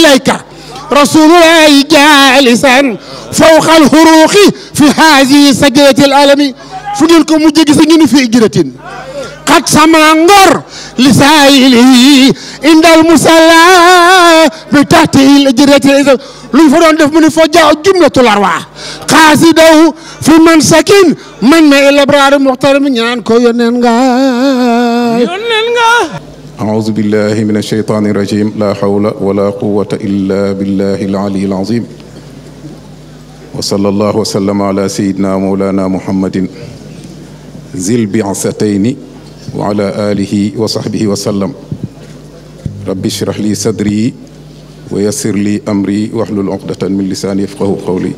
إليك رسول الله جالسا فوق الحروق في هذه سجرة الألم فنلكم مجلسين في إجرة قد سمع انظر لسائله عند المصلى بتحت الإجرة lu fa doon def mu ne fa jaa jumlatul arwaax xaasidaw fi man sakin man na il abraar muxtaram ñaan ko yónneen nga yónneen nga أعوذ بالله من الشيطان الرجيم لا حول ولا قوة إلا بالله العلي العظيم وصلى الله وسلم على سيدنا مولانا محمد ذي البعثتين وعلى آله وصحبه وسلم رب اشرح لي صدري ويسر لي أمري واحلل عقدة من لساني يفقه قولي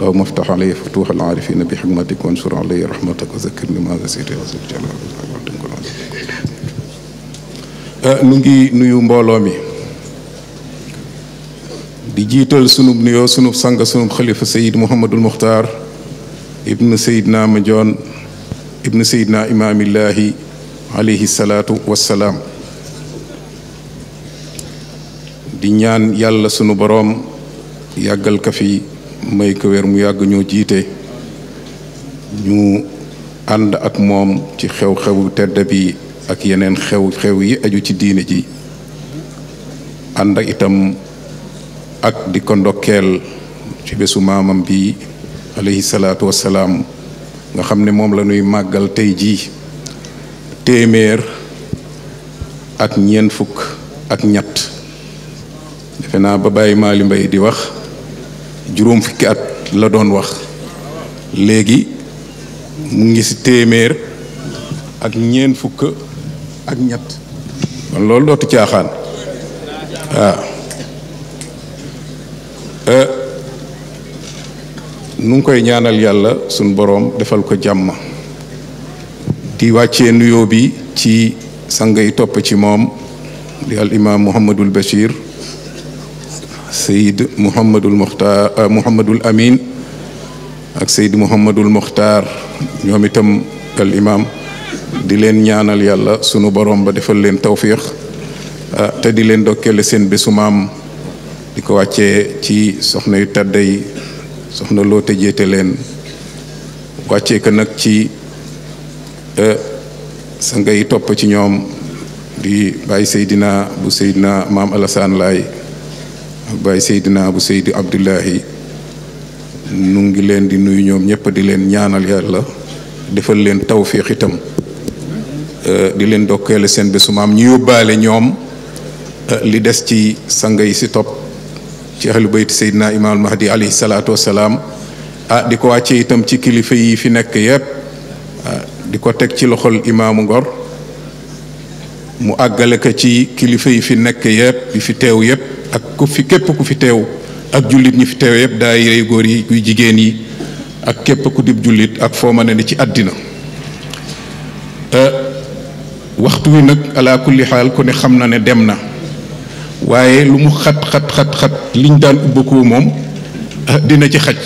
اللهم افتح علي فتوح العارفين بحكمتك وانشر علي رحمتك وذكرني ما نسيت يا ذو nu ngi nuyu mbolo mi di jiital sunu nuyoo sunu sang sunub xalifa sayid muhammadul muxtaar ibnu sayidna majoon ibnu sayidna imaamillaahi alayhi salatu wassalam di ñaan yàlla sunu borom yagal ka fi may ko wér mu yag ñoo jité ñu ànd ak mom ci xew-xewu tedd bi ak yeneen xew xew yi aju ci diine ji ànd ak itam ak di ko ndokkeel ci bésu maamam bi alayhi salaatu wassalaam nga xam ne moom la ñuy màggal tey jii téeméer ak ñeent fukk ak ñett defe naa ba bàyyi maali mbay di wax juróom fukki at la doon wax léegi mu ngi si téeméer ak ñeent fukk ak ñett kon loolu dootu caaxaan waaw euh, nu ngi koy ñaanal yàlla suñ boroom defal ko jàmm di wàcce nuyoo bi ci sanga yi topp ci moom di al imaam muhammadul bashir sayid muhammadul muxtaar euh, muhammadul amin ak sayid muhammadul muxtaar ñoom itam al di leen ñaanal yàlla sunu borom ba defal leen tawfiix ah, te di leen dokkeele seen bésu maam di ko wàccee ci soxna yu tàdda soxna loo te jéete leen wàccee ko nag ci eh, sa ngay topp ci ñoom di bàyyi Seydina bu Seydina maam Alassane Laay ak bàyyi Seydina bu Seydi Abdullahi nu ngi leen di nuyu ñoom ñëpp di leen ñaanal yàlla defal leen tawfiix itam Euh, di leen dokkeele seen bésu ñu yóbbaale ñoom euh, li des ci sanga yi si topp ci ahlu bayt seydina imaam mahdi alayhi salaatu wasalaam ah di ko wàcce itam ci kilifa yi fi nekk yépp ah, di ko teg ci loxol imaamu ngor mu àggale ko ci kilifa yi fi nekk yépp yi fi teew yépp ak ku fi képp ku fi teew ak jullit ñu fi teew yépp daay rey góor yi kuy jigéen yi ak képp ku dib jullit ak foo mën ne ni ci àddina waxtu wi nag ala kulli xaal ku ne xam na ne dem na waaye lu mu xat xat xat xat liñ daan ubbakoo moom dina ci xaj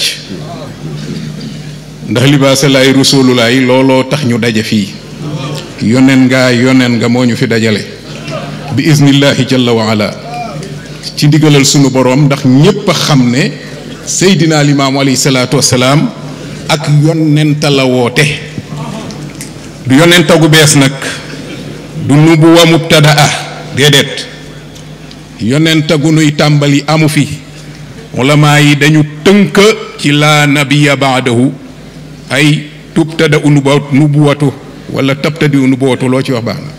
ndax libaase laay rusulullaay looloo tax ñu daje fii yonen ngaa yonen nga moo ñu fi dajale bi iznillahi jalla wa ala ci ndigalal sunu borom ndax ñépp a xam ne seydina limaam alayhi salaatu wasalaam ak yonenta la woote du yonenta gu bees nag du nubuwa mubtadaa déedéet yonent gu nuy tàmbali amu fi ulama yi dañu tënk ci laa nabiya baadahu ay tubtada u nubuwatu wala tabtadi u nubuwatu loo ci wax baax na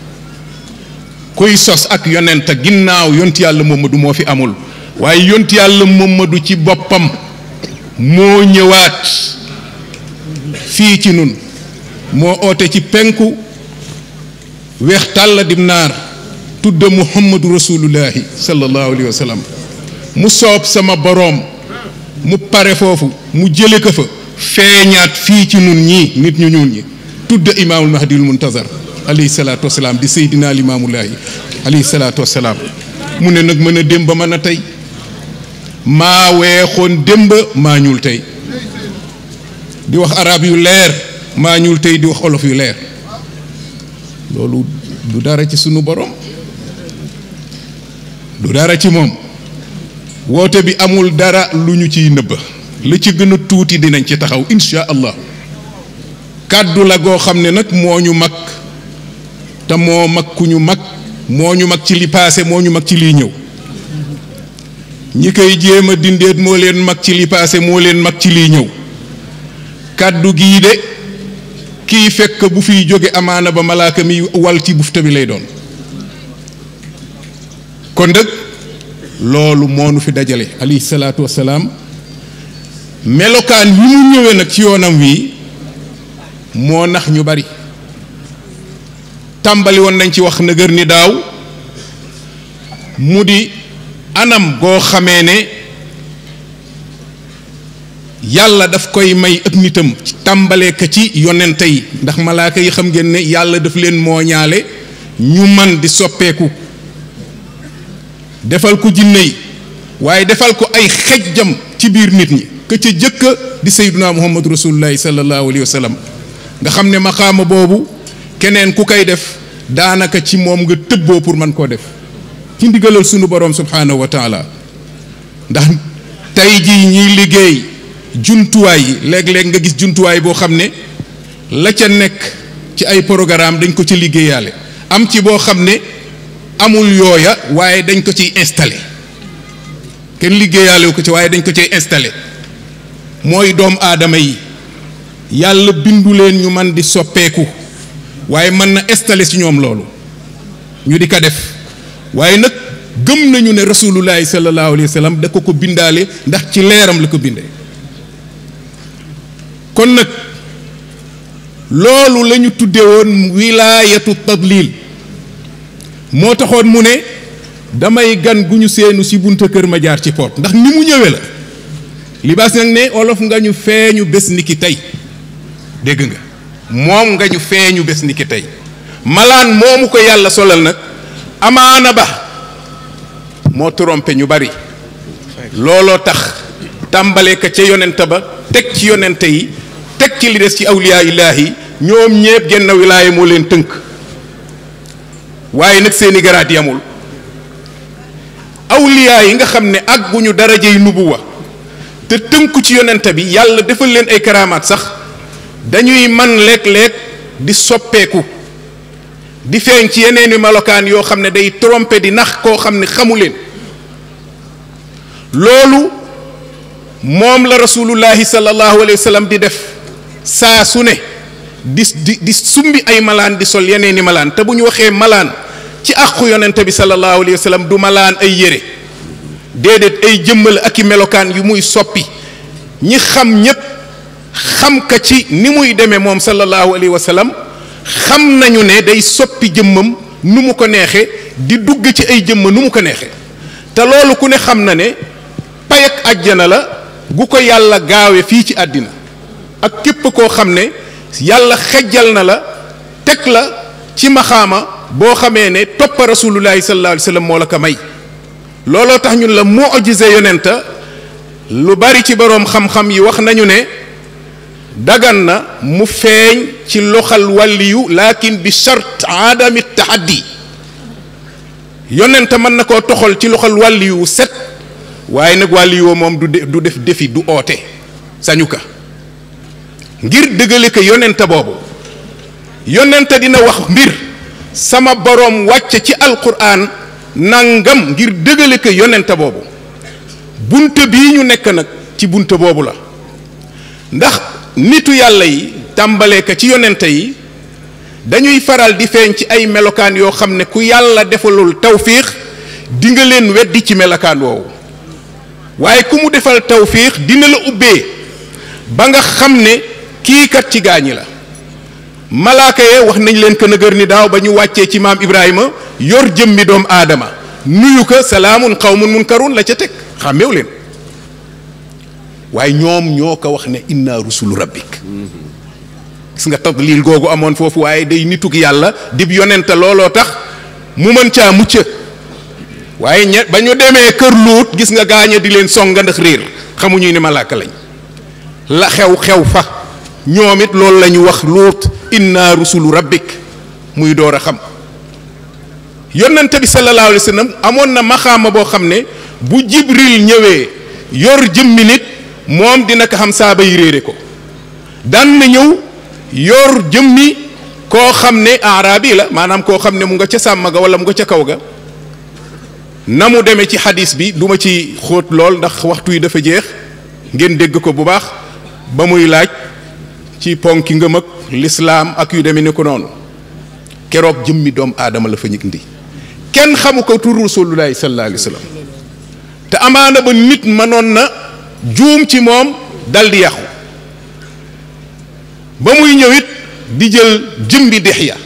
kuy sos ak yonent ginnaaw yont yàlla Mamadu moo fi amul waaye yont yàlla Mamadu ci boppam moo ñëwaat fii ci nun moo oote ci penku ويختال دمنار تود محمد رسول الله صلى الله عليه وسلم مصاب سما بروم مباري فوفو مجيلي كفو فينيات فيتي نوني نيت نيو نوني تود إمام المهدي المنتظر عليه الصلاة والسلام دي سيدنا الإمام الله عليه الصلاة والسلام مني نك من ديمبا مانا تاي ما ويخون ديمبا ما نيول تاي دي وخ عربي يولير ما نيول تاي دي وخ أولوف يولير loolu du dara ci suñu boroom du dara ci moom woote bi amul dara lu ñu ciy nëbb li ci gën tuuti dinañ ci taxaw insha allah kàddu la goo xam ne nag moo ñu mag te moo mag ku ñu mag moo ñu mag ci li paase moo ñu mag ci liy ñëw ñi koy jéem a dindeet moo leen mag ci li paase moo leen mag ci liy ñëw kàddu gii de kii fekk bu fiy jóge amaana ba malaaka mi wal ci bufta bi lay doon kon nag loolu moonu fi dajale alayhi salaatu melokaan yi mu ñëwee nag ci yoonam wi moo nax ñu bari tàmbali woon nañ ci wax na gër ni daaw mu di anam goo xamee ne yàlla daf koy may ab nitam tàmbalee ka ci yonente yi ndax malaaka yi xam ngeen ne yàlla daf leen moo ñaale ñu man di soppeeku defal ko jinne yi waaye defal ko ay xejjam ci biir nit ñi ka ca jëkka di sayyiduna muhammad rasulullahi sallallahu alayhi wa nga xam ne maqaama boobu keneen ku koy def daanaka ci moom nga tëbboo pour man koo def ci ndigalal sunu boroom subhaanahu wa taala ndax tey jii ñiy liggéey jumtuwaay yi léeg-léeg nga gis jumtuwaay boo xam ne la ca nekk ci ay programme dañ ko ci liggéeyaale am ci boo xam ne amul yooya waaye dañ ko ciy installé kenn liggéeyaale ko ci waaye dañ ko ciy installe mooy doom aadama yi yàlla bindu leen ñu man di soppeeku waaye mën na installé si ñoom loolu ñu di ko def waaye nag gëm nañu ne rasulullahi sallallahu alayhi wa sallam da ko ko bindaale ndax ci leeram la ko binde kon nag loolu lañu ñu tudde woon wilaayatu tadlil moo taxoon mu ne damay gan gu ñu seenu si bunta kër ma jaar ci poot ndax ni mu ñëwee la libaas nag ne olof nga ñu feeñu bés ni ki tey dégg nga moom nga ñu feeñu bés ni ki tey malaan moomu ko yàlla solal nag amaana ba moo trompé ñu bari looloo tax tàmbale ka ca yonent ba teg ci yonent yi teg ci li des ci awliyaa illaahi ñoom ñépp genn wilaaya moo leen tënk waaye nag seeni garaat yi amul awliyaa yi nga xam ne àgguñu darajey nubuwa te tënku ci yonente bi yàlla defal leen ay karaamaat sax dañuy man léeg-léeg di soppeeku di feeñ ci yeneen i melokaan yoo xam ne day tromper di nax koo xam ne xamu leen loolu moom la rasulullahi sallallahu alayhi wa sallam di def saa su ne di di sumbi ay malaan di sol yeneeni malaan te bu ñu waxee malaan ci àqu yonente bi sallallahu alayhi wa sallam du malaan ay yére déedéet ay jëmmal ak i melokaan yu muy soppi ñi xam ñépp xam ka ci ni muy demee moom sallallahu alayhi wa sallam xam nañu ne day soppi jëmmam nu mu ko neexee di dugg ci ay jëmm nu mu ko neexe te loolu ku ne xam na ne ak àjjana la gu ko yàlla gaawe fii ci àddina ak képp koo xam ne yàlla xejjal na la teg la ci maxaama boo xamee ne toppa rasulullahi sallallahu alayhi wasallam moo la ko may looloo tax ñun la mu'jize yonenta lu bari ci boroom xam-xam yi wax nañu ne dagan na mu feeñ ci loxal wàlliyu lakin bi chart aadami tahaddi yonenta mën na koo toxal ci loxal wàlliyu set waaye nag wàlliyu moom du def defi du oote sañu ka ngir dëgale ko yonente boobu yonente dina wax mbir sama boroom wàcce ci alquran nangam ngir dëgale ko yonente boobu bunte bii ñu nekk nag ci bunte boobu la ndax nitu yàlla yi tàmbalee ko ci yonente yi dañuy faral di feeñ ci ay melokaan yoo xam ne ku yàlla defalul tawfiix dinga nga leen weddi ci melokaan woowu waaye ku mu defal tawfiix dina la ubbee ba nga xam ne kii kat ci gaañi la malaaka ye wax nañ leen ko gër ni daaw ba ñu wàccee ci maam Ibrahima yor jëmmi doomu aadama nuyu ko salaamun mun munkarun la ca teg xàmmeew leen waaye ñoom ñoo ko wax ne inna rusulu rabbik gis nga tadlil googu amoon foofu waaye day nituk yàlla dib yonente looloo tax mu mën caa mucc waaye ña ba ñu demee kër luut gis nga gaaña di leen songa ndax réer xamuñuy ne malaaka lañ la xew xew fa ñoom it loolu la ñu wax luut inna rusulu rabbik muy door a xam yonente bi sallallahu alayhi amoon na maxaama boo xam ne bu jibril ñëwee yor jëmmi nit moom dina ko xam saaba yi réere ko daan na ñëw yor jëmmi koo xam ne aarabi la maanaam koo xam ne mu nga ca sàmm ga wala mu nga ca kaw ga na mu demee ci xadiis bi duma ci xóot lool ndax waxtu yi dafa jeex ngeen dégg ko bu baax ba muy laaj ci ponki ngëm ak lislaam ak yu deme ni ko noonu keroog jëmmi doom aadama la fa ñu indi kenn xamu ko tur rasulullahi sallallahu te amaana ba nit mënoon na juum ci moom dal di yàqu ba muy ñëw di jël jëmbi Dihya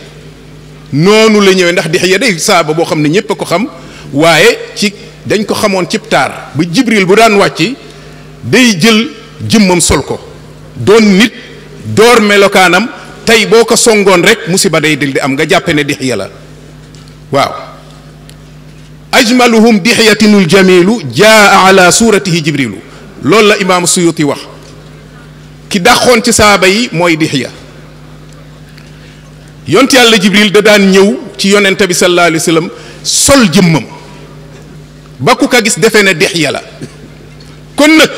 noonu la ñëwee ndax Dihya day saaba boo xam ne ñëpp a ko xam waaye ci dañ ko xamoon cib taar ba Jibril bu daan wàcc day jël jëmmam sol ko doon nit door melokaanam tey boo ko songoon rek musiba day dil di am nga jàppe ne dixya la waaw ajmaluhum dixyatinul jamilu jaa ala suratihi jibrilu loolu la imaam suyuti wax ki dàqoon ci saaba yi mooy dixya yont yàlla jibril da daan ñëw ci yonente bi sol jëmmam ba ku ko gis defe ne dixya la kon nag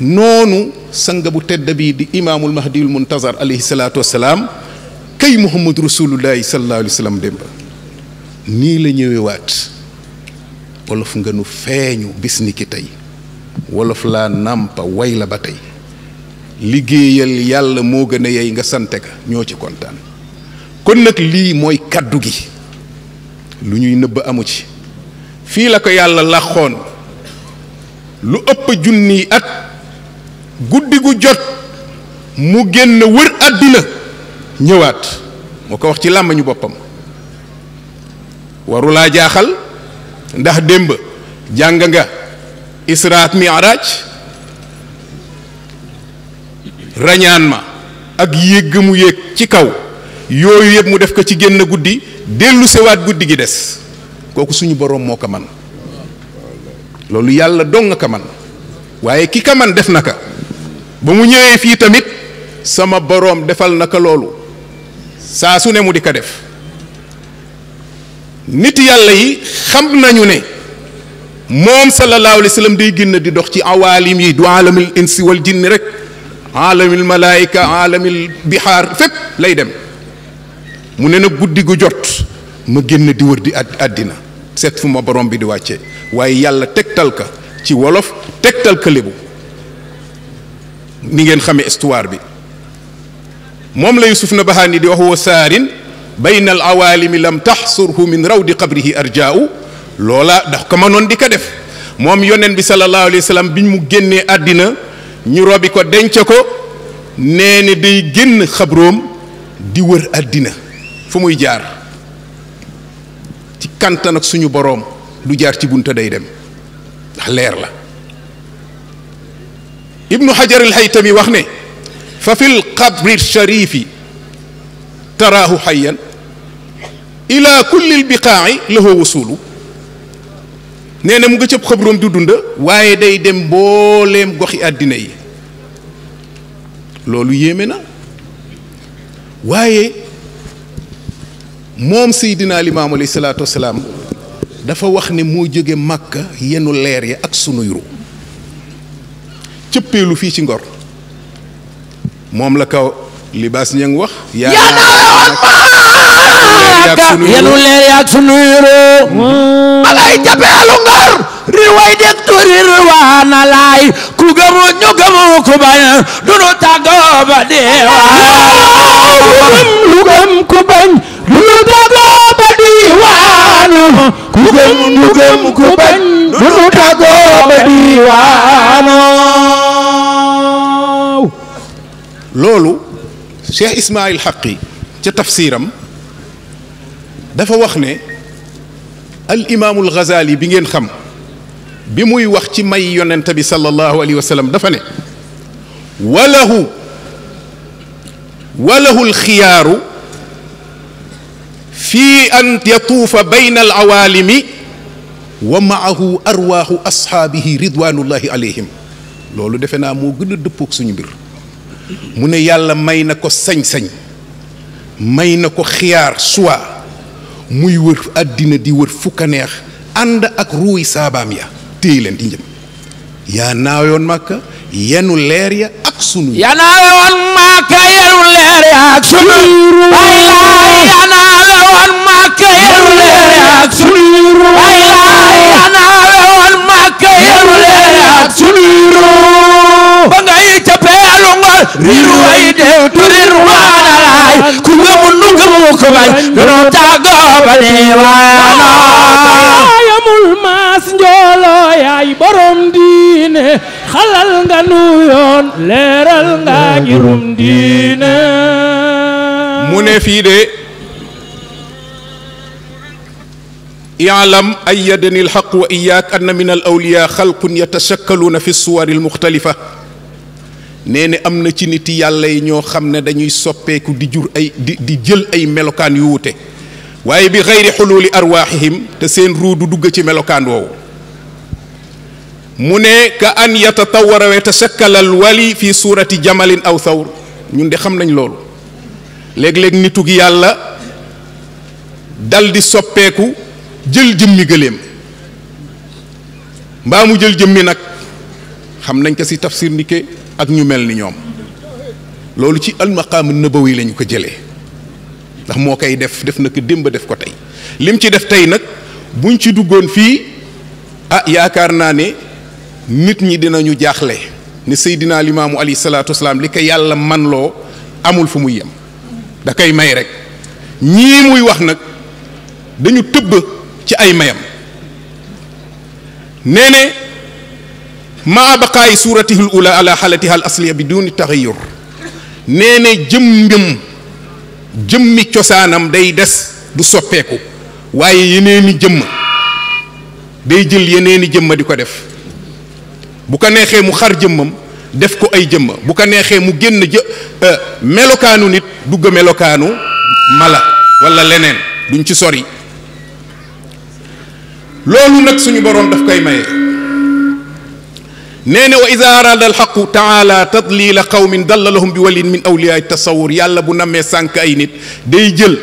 noonu sanga bu tedd bii di imaamul mahdiyul muntazar alayhi salaatu wasalaam kay muhammad rasulullahi sallallahu alayhi wa sallam nii la ñëwee waat wolof nga nu feeñu bis ni ki tey wolof laa nàmpa way la ba tey liggéeyal yàlla moo gën a yey nga sante ko ñoo ci kontaan kon nag lii mooy kàddu gi lu ñuy nëbb amu ci fii la ko yàlla làqoon lu ëpp junniy at guddi gu jot mu génn wër àdduna ñëwaat moo ko wax ci làmmiñu boppam warulaa jaaxal ndax démb jàng nga israat mi'raj rañaan ma ak yéeg mu yéeg ci kaw yooyu yëpp mu def ko ci génn guddi dellu sewaat guddi gi des kooku suñu boroom moo ko man loolu yàlla dong nga ko man waaye ki ka man def na ka ba mu ñëwee fii tamit sama boroom defal na ko loolu saa su ne mu di ko def nit yàlla yi xam nañu ne moom sallallahu alayhi wa sallam day génn di dox ci awaalim yi du aalamil insi wal jinni rek aalamil malaayika aalamil bixaar fépp lay dem mu ne na guddi gu jot ma génn di wër di àddina seet fu ma borom bi di wàcce waaye yàlla tegtal ka ci wolof tegtal ka lébu ni ngeen xamee histoire bi moom la yusuf nabahaani di wax wa saarin bayna al awalimi lam taxsurhu min rawdi qabrihi arjaau loola daf ko mënoon di ko def moom yonen bi salallahu alayhi wa sallam biñ mu génnee àddina ñu robi ko denc ko nee ne day génn xabroom di wër àddina fu muy jaar ci kantan ak suñu boroom du jaar ci bunta day dem ndax leer la ابن حجر الهيتمي وخني ففي القبر الشريف تراه حيا الى كل البقاع له وصول نينا موغي تي خبروم دو دوند واي داي ديم بوليم غوخي اديني لولو يمنا واي موم سيدنا الامام عليه الصلاه والسلام دا فا وخني مو جوغي مكه ينو لير يا اك سونو يرو cëppeelu fii ci Ngor moom la kaw li ñang wax yaa daawoon yenu leer yaag sunu yuroo malay japeelu Ngor riway deg turi riwaana laay ku gëmu ñu gëmu ku bañ dunu tàggoo ba deewaay lu gëm ku bañ لولو شيخ اسماعيل حقي في تفسيرم دا فا الامام الغزالي بي نين خم بيموي واخ تي ماي يوننت بي صلى الله عليه وسلم دا وله وله الخيار في أن يطوف بين العوالم ومعه أرواح أصحابه رضوان الله عليهم لولو دفنا مو غن دبوك سوني بير مون يالا ماي سن سن ماي خيار سوا موي وور ادينا دي وور فوكانيخ اند اك روي سابام يا تيلن دي نيم يا ناويون مكه yenu leer ya ak yanaale woon maaka yenu leer ya ak sunu ay laay yanaale woon maaka yenu leer ya ak sunu ay laay yanaale woon maaka yenu leer ya ak sunu ba nga ku gëmu nu gëmu ko bañ danoo tàggoo ba dee waanaa yamul maas njooloo yaay borom diine خلال غنويون ليرال yoon leeral دينا ngirum في دي يعلم fii أيدني الحق وإياك أن من الأولياء خلق يتشكلون في الصور المختلفة نيني أمنا تنتي يالله نيو خمنا دانيو سوبيكو دي جور أي دي, جيل أي ملوكان يوتي واي بغير حلول أرواحهم تسين رودو دوغة ملوكان وو mu ne ka an yatatawara wa yatasakkala al wali fi suurati jamalin aw thawr ñun de xam nañ loolu léeg-léeg nitug yàlla dal di soppeeku jël jëmmi gëléem mbaa mu jël jëmmi nag xam nañ ko si tafsir ndike ak ñu mel ni ñoom loolu ci almaqaam yi lañu ko jële ndax moo koy def def na ko démb def ko tey lim ci def tey nag buñ ci duggoon fii ah yaakaar naa ne nit ñi dinañu jaaxle ni Seydina Limaamu alayhi salaatu wasalaam li ko yàlla man loo amul fu muy yem da koy may rek ñii muy wax nag dañu tëbb ci ay mayam nee ne maa baqaayi suuratihil ula ala asliya bi duni taxayur nee ne jëm ngëm jëmmi cosaanam day des du soppeeku waaye yeneeni jëmm day jël yeneeni jëmm di ko def bu ko neexee mu xar jëmmam def ko ay jëmm bu ko neexee mu génn jë melokaanu nit dugg melokaanu mala wala leneen duñ ci sori loolu nag suñu boroom daf koy maye nee wa ida arada alxaqu taala tadlila qawmin dalla lahum bi walin min awliyaay tasawur yàlla bu namee sànk ay nit day jël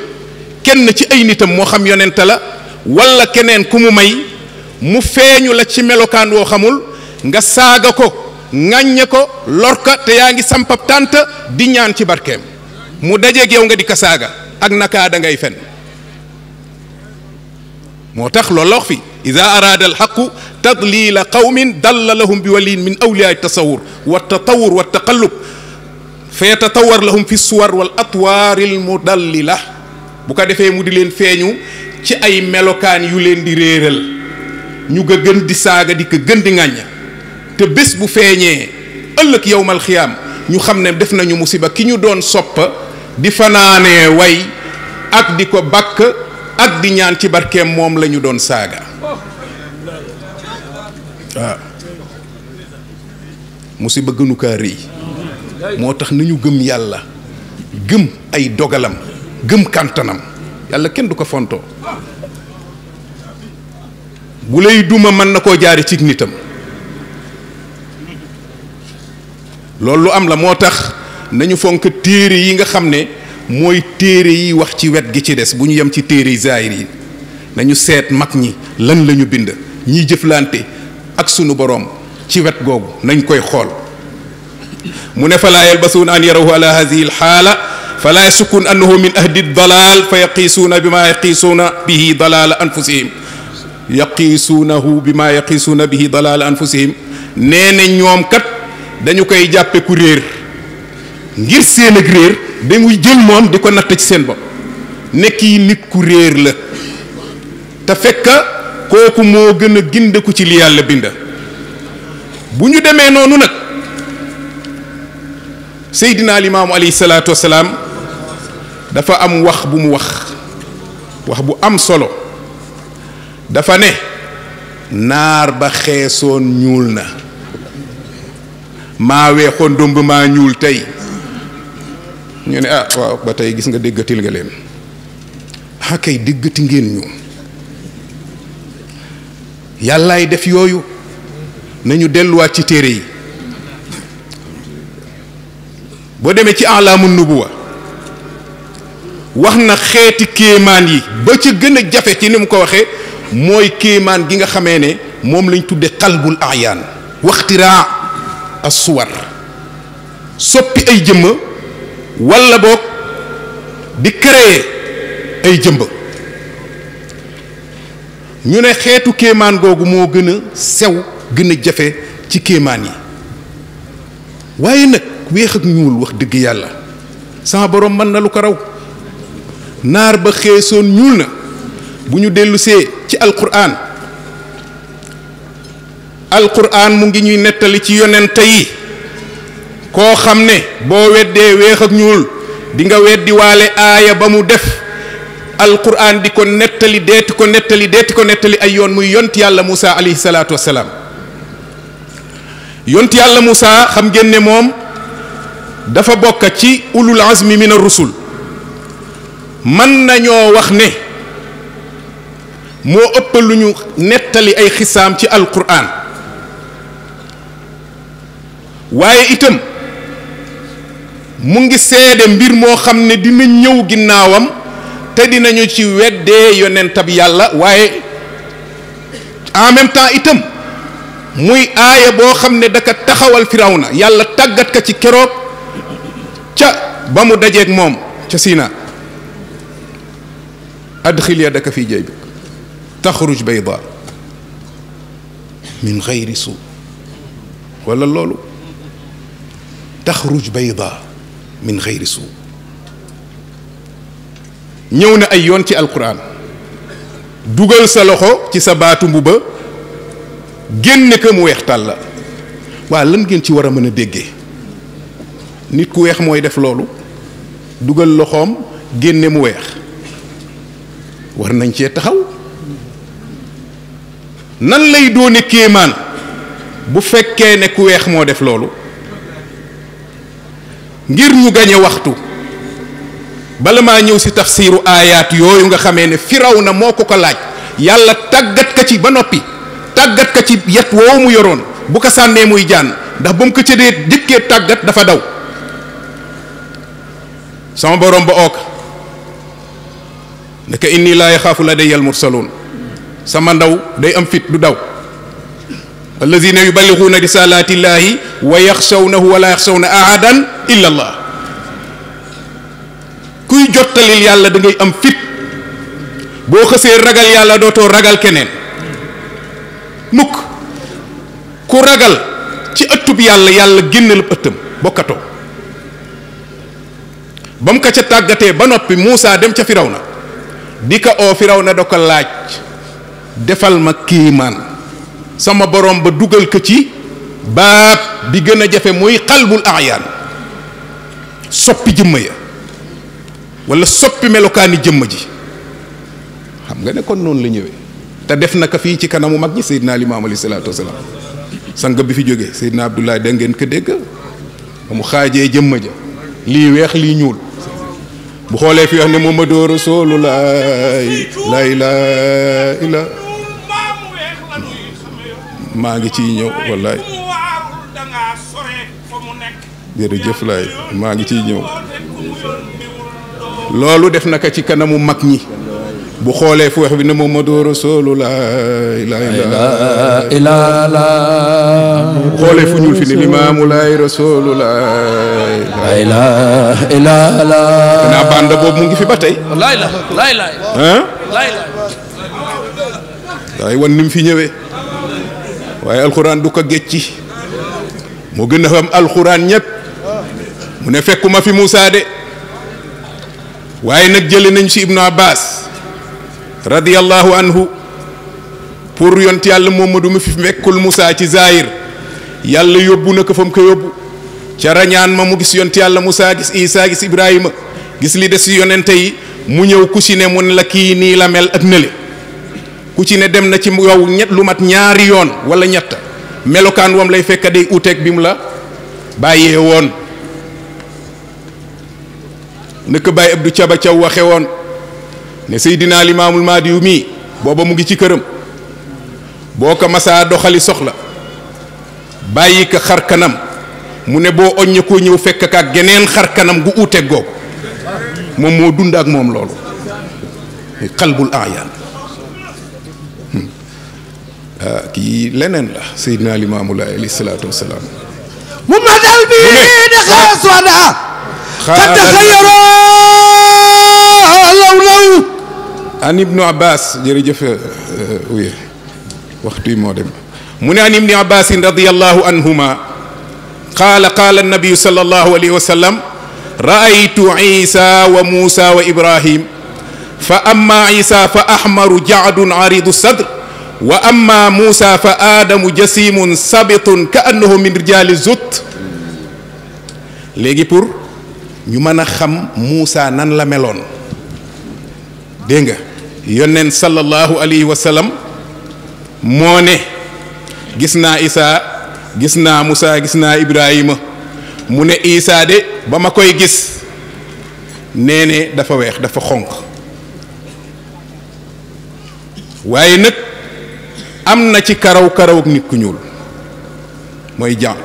kenn ci ay nitam moo xam yonente la wala keneen ku may mu feeñu la ci melokaan woo xamul nga saaga ko ŋàññe ko lorka te yaa sampap tante di ñaan ci barkem mu ak yow nga di ko ak naka da ngay fen motax lolo wax fi ida araada tadlila qawmin dalla lahum bi waliin min awliyaa tasawur wat tatawur wat taqallub fa yatatawar lahum fi suwar wal al mudallila bu ka defee mu di leen feeñu ci ay melokaan yu leen di réeral ñu ga gën di saaga di ko gën di ŋàñña te bés bu feeñee ëllëg yowmal xiyaam ñu xam ne def nañu musiba ki ñu doon sopp di fanaanee way ak di ko bakk ak di ñaan ci barkeem moom lañu doon saaga waaw musiba gënu kaa rëy moo tax nañu gëm yàlla gëm ay dogalam gëm kàntanam yàlla kenn du ko fontoo bu lay duma mën na koo jaare ci nitam loolu lu am la moo tax nañu fonk téere yi nga xam ne mooy téere yi wax ci wet gi ci des bu ñu yem ci téere yi zaahir yi nañu seet mag ñi lan la ñu bind ñiy jëflante ak sunu boroom ci wet googu nañ koy xool mu ne falaa yalbasuun an yarahu ala hadihi alxaala falaa yasukun annahu min ahli dalal fa yaqiisuuna bima yaqiisuuna bihi dalala anfusihim yaqiisuunahu bima yaqiisuuna bihi dalala anfusihim nee na kat dañu koy jàppe ku réer ngir seen ak réer dañuy jël moom di ko natt ci seen bopp nekk yi nit ku réer la te fekk kooku moo gën a gindeku ci li yàlla bind bu ñu demee noonu nag seydina alimaamu alayhi salaatu wasalaam dafa am wax bu mu wax wax bu am solo dafa ne naar ba xeesoon ñuul na maa weexoon domb maa ñuul tey ñu ne ah waaw ba tey gis nga déggatil nga leen ah kay déggati ngeen ñu yàllaay def yooyu nañu delluwaat ci téere yi boo demee ci alaamu nubuwa wax na xeeti kéemaan yi ba ca gën a jafe ci ni mu ko waxe mooy kéemaan gi nga xamee ne moom lañ tudde xalbul ayaan waxtiraa assuwar soppi ay jëmba walla boog di créer ay jëmba ñu ne xeetu kéemaan googu moo gën a sew gën a jafe ci kéemaan yi waaye nag weex ak ñuul wax digg yàlla sama borom mën na lu ko raw naar ba xeesoon ñuul na bu ñu dellusee ci alquran alquran mu ngi ñuy nettali ci yonente yi koo xam ne boo weddee weex ak ñuul di nga weddi waale aaya ba mu def alquran di ko nettali deeti ko nettali deeti ko nettali ay yoon muy yont yàlla Moussa alayhi salaatu wassalaam yont yàlla Moussa xam ngeen moom dafa bokk ci ulul azmi min rusul mën nañoo wax ne moo ëpp lu ñu nettali ay xisaam ci alquran waaye itam mu ngi seede mbir moo xam ne dina ñëw ginnaawam te dinañu ci weddee yonentab yàlla waaye en même temps itam muy aaya boo xam ne daka taxawal na yàlla tàggat ka ci keroog ca ba mu dajeeg moom ca Sina adxil yadaka fii jaybik taxruj bayda min xayri suu wala loolu تخرج بيضاء من غير سوء نيونا اي يون تي القران دوغل سا لوخو تي سا باتو مبا ген كم ويخ تال وا لان ген تي ورا مانا ديغي نيت كو ويخ موي ديف لولو دوغال لوخوم ген مو ويخ ورا نان تي تخاو نان لاي دوني كيمان بو فكه ني ويخ مو ديف لولو ngir ñu gañe waxtu bala maa ñëw si tafsiru aayaat yooyu nga xamee ne firaw na moo ko ko laaj yàlla tàggat ka ci ba noppi tàggat ka ci yet woo mu yoroon bu ko sànnee muy jànn ndax ba mu ko cëdee jëkkee tàggat dafa daw sama borom ba ook naka inni laa la day yal mursaluun sama ndaw day am fit du daw allazina yuballighuuna risalati llahi wa yaxshawnahu wala yaxshawna ahadan illa allah kuy jottalil yàlla dangay am fit boo xësee ragal yàlla dootoo ragal keneen mukk ku ragal ci ëttub yàlla yàlla génnal ëttam bokkatoo ba mu ko ca tàggatee ba noppi Muusaa dem ca firaw na di ko oo na da ko laaj defal ma kiimaan sama borom ba dugal ko ci baab bi gën a jafe mooy xalbul ayaan soppi jëmm ya wala soppi melokaani jëmm ji xam nga ne kon noonu la ñëwee te def na ko fii ci kanamu mag ñi Seydina Limaam alayhi salaatu wasalaam sang bi fi jógee Seydina Abdoulaye da ngeen ko dégg mu xaajee jëmm ja lii weex lii ñuul bu xoolee fi wax ne Muhammadu Rasulullaay laa ilaaha illa maa ngi ciy ñëw wallaay jërëjëf laay maa ngi ciy ñëw loolu def na ko ci kanamu mag ñi bu xoolee fu wax bi ne Muhammadu Rasulullaah la ilaaha illallaah bu xoolee fu ñuul fi ne Limaamu Laay Rasulullaah la ilaaha illallaah naa bànd boobu mu ngi fi ba tey laay la laay laay ah laay la waaye wan ni mu fi ñëwee waaye alxuraan du ko gécci moo gën a xam alxuraan ñépp mu ne fekkuma fi Moussa de waaye nag jële nañ ci ibnu abbas radiyallahu anhu pour yont yàlla Muhammadu mu fi fekkul Moussa ci zahir yàlla yóbbu na ko fa mu ko yóbbu ca rañaan ma mu gis yont yàlla Moussa gis Isa gis Ibrahima gis li des yonente yi mu ñëw ku ci ne mun la kii nii la mel ak nële ku ci ne dem na ci yow ñett lu mat ñaari yoon wala ñett melokaan woom lay fekk day uteeg bi mu la bàyyee woon nëkk bàyyi Abdou Caba Caw waxe woon ne Seydina Limaamul Mahdi yu mii booba mu ngi ci këram boo ko masaa doxali soxla bàyyi ko xar kanam mu ne boo oññee koo ñëw fekk ak geneen xar kanam gu uteeg googu moom moo dund ak moom loolu xalbul ayaan kii leneen la Seydina Limaamu Laay alayhi salaatu wa salaam mu madal bi di xaas wada qad taxayaroo law law an ibnu abbas jërëjëf oui waxtu yi moo dem mu ne an ibni abbasin radiallahu anhuma qaala qaala annabiyu sal allahu alayhi wa sallam raaytu isa wa musa wa ibrahim fa amma isa fa ahmaru jaadun aridu sadr wa amma Muusa fa aadamu jasimun sabitun ka annahu min rijaali zut léegi pour ñu mën a xam Muusa nan la meloon dégg nga yonneen sallallahu alayhi wa sallam moo ne gis naa Isaa gis naa musaa gis naa Ibrahima mu ne Isaa de ba ma koy gis nee ne dafa weex dafa xonq waaye nag am na ci karaw karaw ak nit ku ñuul mooy jàll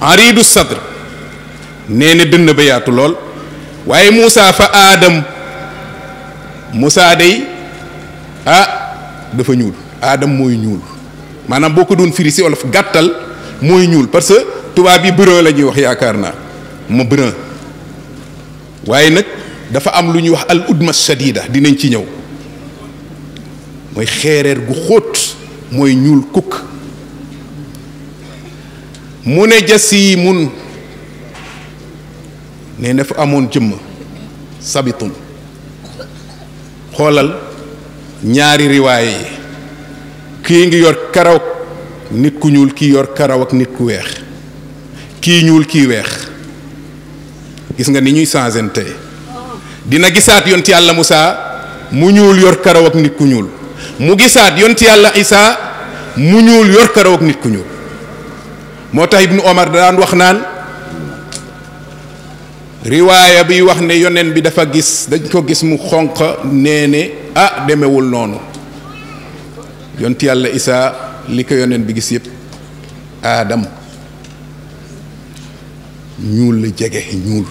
aridu sadr nee na dënn ba yaatu lool waaye Moussa fa aadam Moussa day ah dafa ñuul aadam mooy ñuul maanaam boo ko doon firi si olof gàttal mooy ñuul parce que tubaab yi brun la ñuy wax yaakaar naa mu brun waaye nag dafa am lu ñuy wax al udma shadida dinañ ci ñëw mooy xeereer gu xóot mooy ñuul kukk mu ne jas jasi mun ne dafa amoon jëmm sabitum xoolal ñaari riwaaye kii ngi yor karaw nit ku ñuul kii yor karaw ak nit ku weex kii ñuul kii weex gis nga ni ñuy changé dina gisaat yoon ci àlla Musaa mu ñuul yor karaw ak nit ku ñuul mu gisaat yonti yàlla isaa mu ñuul yor karaw ak nit ku ñuul moo tax ibnu omar daan wax naan riwaaya bi wax ne yoneen bi dafa gis dañ ko gis mu xonq nee ne ah demewul noonu yonti yàlla isaa li ko yoneen bi gis yëpp aadam ñuul la jege ñuul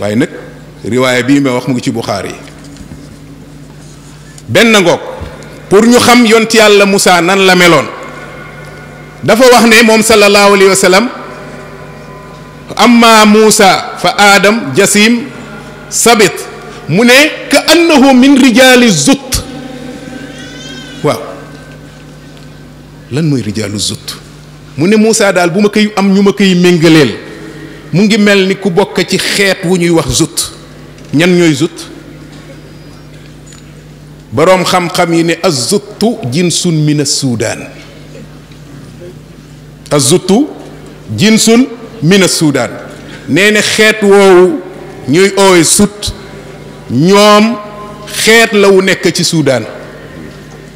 waaye nag riwaaya bii ma wax mu ngi ci buxaar yi benn ngoog pour ñu xam yont yàlla Moussa nan la meloon dafa wax ne moom sallallahu alayhi wa sallam amma Moussa fa aadam jasim sabit mu ne ka annahu min rijaali zut waaw lan mooy rijaalu zut mu ne Moussa daal bu ma koy am ñu ma koy méngaleel mu ngi mel ni ku bokk ci xeet wu ñuy wax zut ñan ñooy zut boroom xam-xam yi ne azuttu jinsun min assudan azuttu jinsun min assudan nee ne xeet woowu ñuy oowe sut ñoom xeet la wu nekk ci suudaan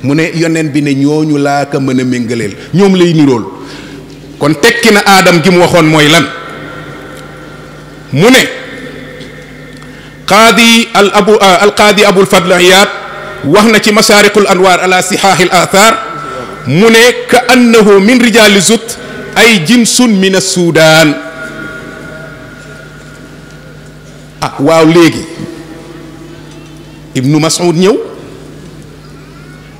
mu ne yoneen bi ne ñooñu laa ko mën a méngaleel ñoom lay nirool kon tekki na aadam gi mu waxoon mooy lan mu ne qaadi al abu al qaadi abul fadl iyaad wax na ci masariqul anwar ala sihahil athar mu ne ka annahu min rijali zut ay jinsun min as-sudan ah waaw léegi ibnu mas'ud ñew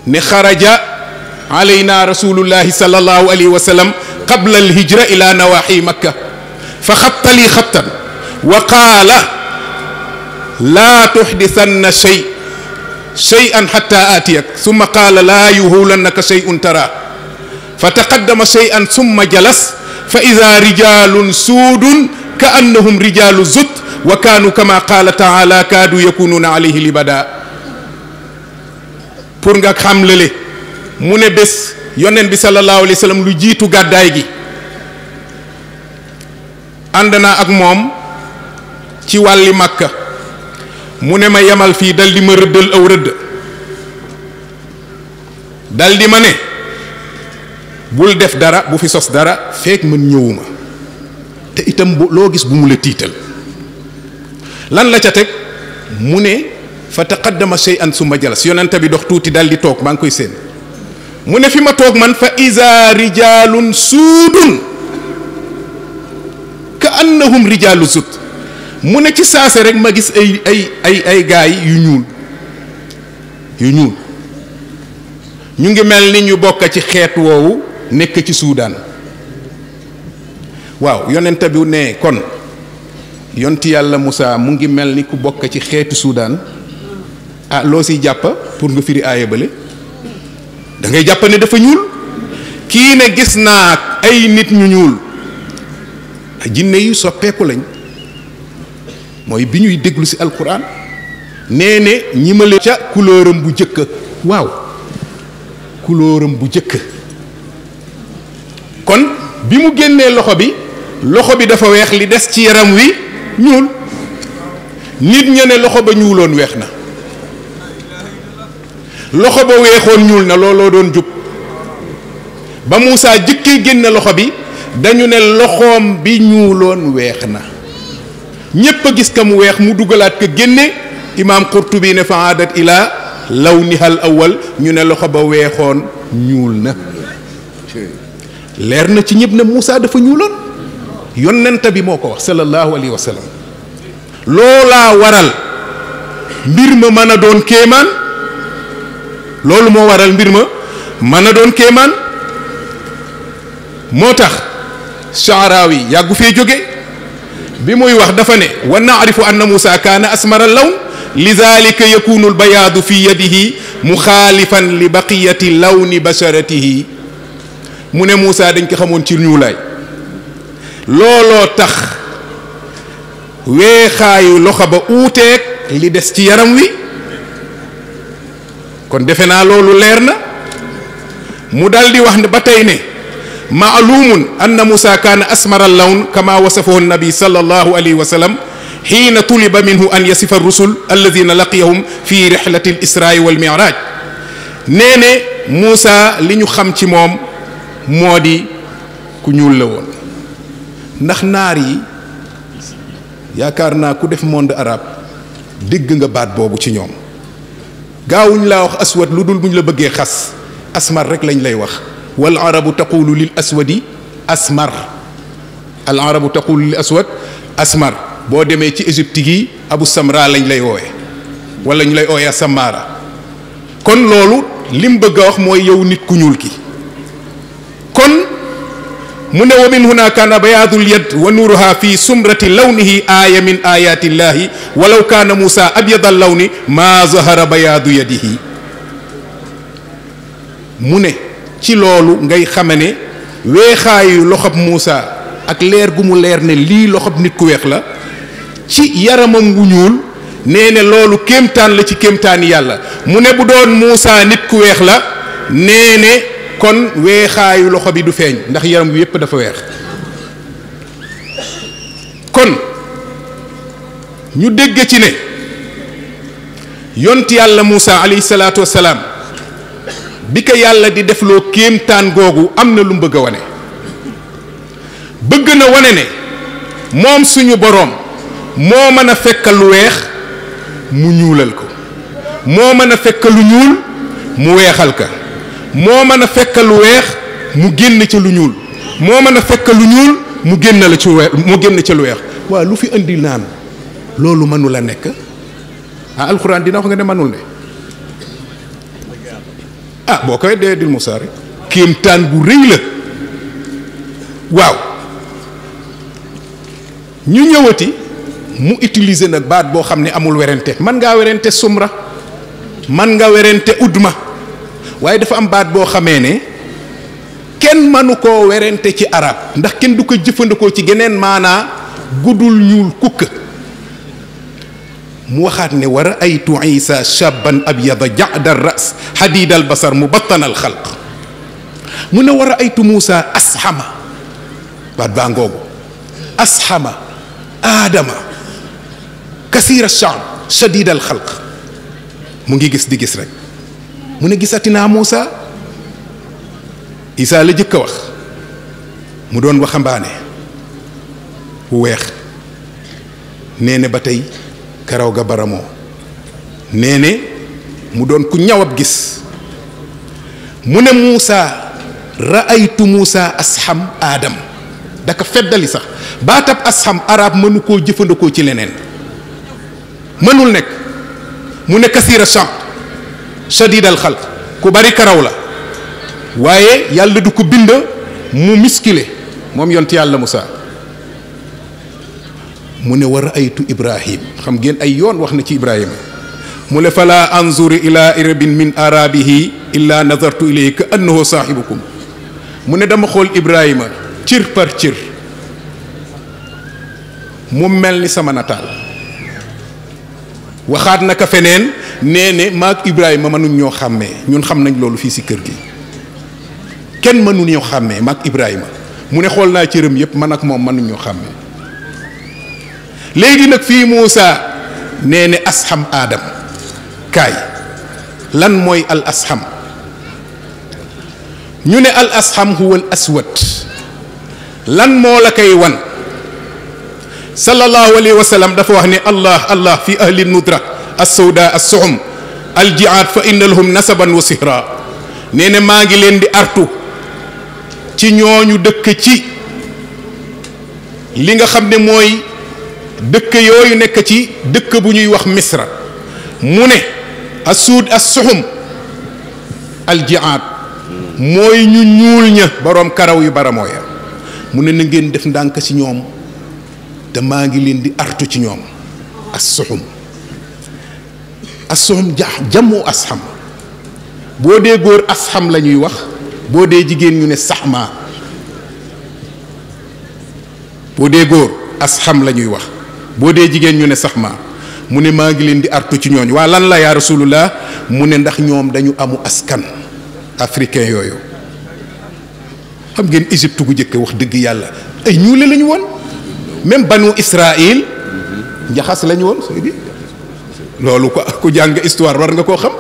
ne kharaja علينا رسول الله صلى الله عليه وسلم قبل الهجرة إلى نواحي مكة فخط لي خطا وقال لا تحدثن شيء shay'an hatta atiyak summa qaala laa yuhulannaka shay'un tara fa taqaddama shay'an summa jalas fa ida rijalun suudun ka annahum rijalu zut wa kaanu kama qaala taala kaadu yakunuuna alayhi libada pour nga xam lële mu ne bés yonent bi sallallahu alayhi wa sallam lu jiitu gàddaay gi ànd naa ak moom ci wàlli màkka mu ne ma yemal fii dal di ma rëddal aw rëdd daldi ma ne bul def dara bu fi sos dara feek mën ñëwuma te itam bu loo gis bu mu la tiital lan la ca teg mu ne fa taqaddama shay'an summa jalas yonente bi dox tuuti dal di toog maa ngi koy seen mu ne fi ma toog man fa iza rijalun suudun ka annahum rijalu zut mu ne ci saase rekk ma gis ay ay ay gaay yu ñuul yu ñuul ñu ngi mel ni ñu bokk ci xeet woowu nekk ci suudaan waaw yonent bi ne kon yonti yàlla Moussa mu ngi mel ni ku bokk ci xeetu suudaan a ah, loo siy jàpp pour nga firi aaya bale dangay ngay jàpp ne dafa ñuul kii ne gis naa ay nit ñu ñuul jinne yi soppeeku lañ mooy bi ñuy déglu ci alquran nee ne ñi ca couleuram bu jëkk waaw couleuram bu jëkk kon bi mu génnee loxo bi loxo bi dafa weex li des ci yaram wi ñuul nit ña ne loxo ba ñuuloon weex na loxo ba weexoon ñuul na looloo doon jub ba Moussa jëkkee génne loxo bi dañu ne loxoom bi ñuuloon weex na ñépp a gis ka mu weex mu dugalaat ko génne imaam Qurtubi ne fa aadat ila lawnihal awal ñu ne loxo ba weexoon ñuul na leer na ci ñépp ne Moussa dafa ñuuloon yonent bi moo ko wax sallallahu alayhi wa sallam loolaa waral mbir ma mën a doon kéemaan loolu moo waral mbir ma mën a doon kéemaan moo tax Shaaraawi yàggu fee jóge بموي واخ دافاني ونعرف ان موسى كان اسمر اللون لذلك يكون البياض في يده مخالفا لبقيه اللون بشرته من موسى دين خمون تي نيولاي لولو تخ ويخاي لوخا با اوتيك لي ديس كون ديفنا لولو ليرنا مو دالدي واخ معلوم أن موسى كان أسمر اللون كما وصفه النبي صلى الله عليه وسلم حين طلب منه أن يصف الرسل الذين لقيهم في رحلة الإسراء والمعراج نيني موسى لن خمتي موم مودي كنيول لون نخناري يا كارنا كودف موند عرب ديغ nga bat bobu ci ñom gaawuñ la wax aswad ludul buñ la bëgge asmar rek lañ wal arabu taqulu lil aswadi asmar al arabu taqulu boo demee ci Égypte gi abu samra lay wooye wala ñu lay ooyee samara kon loolu lim bëgg a wax mooy yow nit ku ñuul ki kon mu ne wa min huna kaana bayaadul yad wa nuuruha fi sumrati lawnihi aaya min ayaati llahi walaw kaana muusa abyada lawni ma zahara bayaadu yadihi mu ne ci loolu ngay xame ne weexaayu loxop Moussa ak lèr gu mu lèr ne li loxop nit ku wéx la ci yaramam gu ñuul né ne loolu kéemtaan la ci kéemtaani yàlla mu ne bu doon Moussa nit ku wéx la né ne kon weexaayu loxop bi du feñ ndax yaram wi yépp dafa wéx kon ñu déggé ci ne yont yàlla Moussa alayhi salatu wassalam bi ko yàlla di defloo kéemtaan googu am na lu mu bëgg a wane bëgg na wane ne moom suñu boroom moo mën a fekk lu weex mu ñuulal ko moo mën a fekk lu ñuul mu weexal ka moo mën a fekk lu weex mu génn ci lu ñuul moo mën a fekk lu ñuul mu génn ci weex mu génn ca lu weex waa lu fi indi naan loolu mënul a nekk ah alxuraan dina wax nga ne mënul ne ah boo ko weddee dil Moussa rek kéemtaan gu rëy la waaw ñu ñëwati mu utilise nag baat boo xam ne amul werante man ngaa werante sumra man nga werante udma waaye dafa am baat boo xamee ne kenn mënu koo werante ci arab ndax kenn du ko jëfandikoo ci geneen maanaa guddul ñuul kukk موخات ني ورا ايت عيسى شابا ابيض جعد الراس حديد البصر مبطن الخلق من ورا ايت موسى اسحم بعد بانغوغو اسحما ادم كثير الشعر شديد الخلق مونغي غيس دي غيس رك من غيساتنا موسى عيسى لا جيك واخ مو دون واخا مباني ويخ نينا باتاي karaw ga baramoo nee ne mu doon ku ñaw ab gis mu ne musaa ra'aytu Muusa asxam aadam daka feddali sax baatab asxam arab mënu koo jëfandikoo ci leneen mënul nekk mu ne kasiira champ shadid al ku bari karaw la waaye yàlla du ko bind mu musculé moom yont yàlla Moussa mu ne wa raaytu ibrahim xam ngeen ay yoon wax na ci ibrahima mu ne fala anzur ila irabin min arabihi illa nazartu ilayhi ka annahu saahibukum mu ne dama xool ibrahima cir par cir mu mel ni sama nataal waxaat naka feneen nee ne maag ibrahima mënuñ ñoo xàmmee ñun xam nañ loolu fii si kër gi kenn mënuñoo xàmmee maag ibrahima mu ne xool naa cëram yépp man ak moom mënuñoo xàmmee léegi nag fii Moussa nee ne asxam aadam kaay lan mooy al asham ñu ne al asxam huwa al aswad lan moo la koy wan sallallahu alayhi wa sallam dafa wax ne allah allah fi ahli nudra assawda assuxum aljiaat fa inna lahum nasaban wa sihra nee ne maa ngi leen di artu ci ñooñu dëkk ci li nga xam ne mooy dëkk yooyu nekk ci dëkk bu ñuy wax misra mu ne asuud as suxum aljiaad mooy ñu ñuul ña boroom karaw yu baramooya mu ne na ngeen def ndànk ci ñoom te maa ngi leen di artu ci ñoom as suxum as suxum ja jamu asxam boo dee góor asxam la ñuy wax boo dee jigéen ñu ne saxmaa boo dee góor asxam la ñuy wax boo dee jigéen ñu ne sax ma mu ne maa ngi leen di artu ci ñooñu waa lan la yaa rasulullah mu ne ndax ñoom dañu amu askan africain yooyu xam ngeen Égypte gu jëkk wax dëgg yàlla ay ñuule lañu woon même banu Israël njaxas lañu woon loolu ko ku jàng histoire war nga koo xam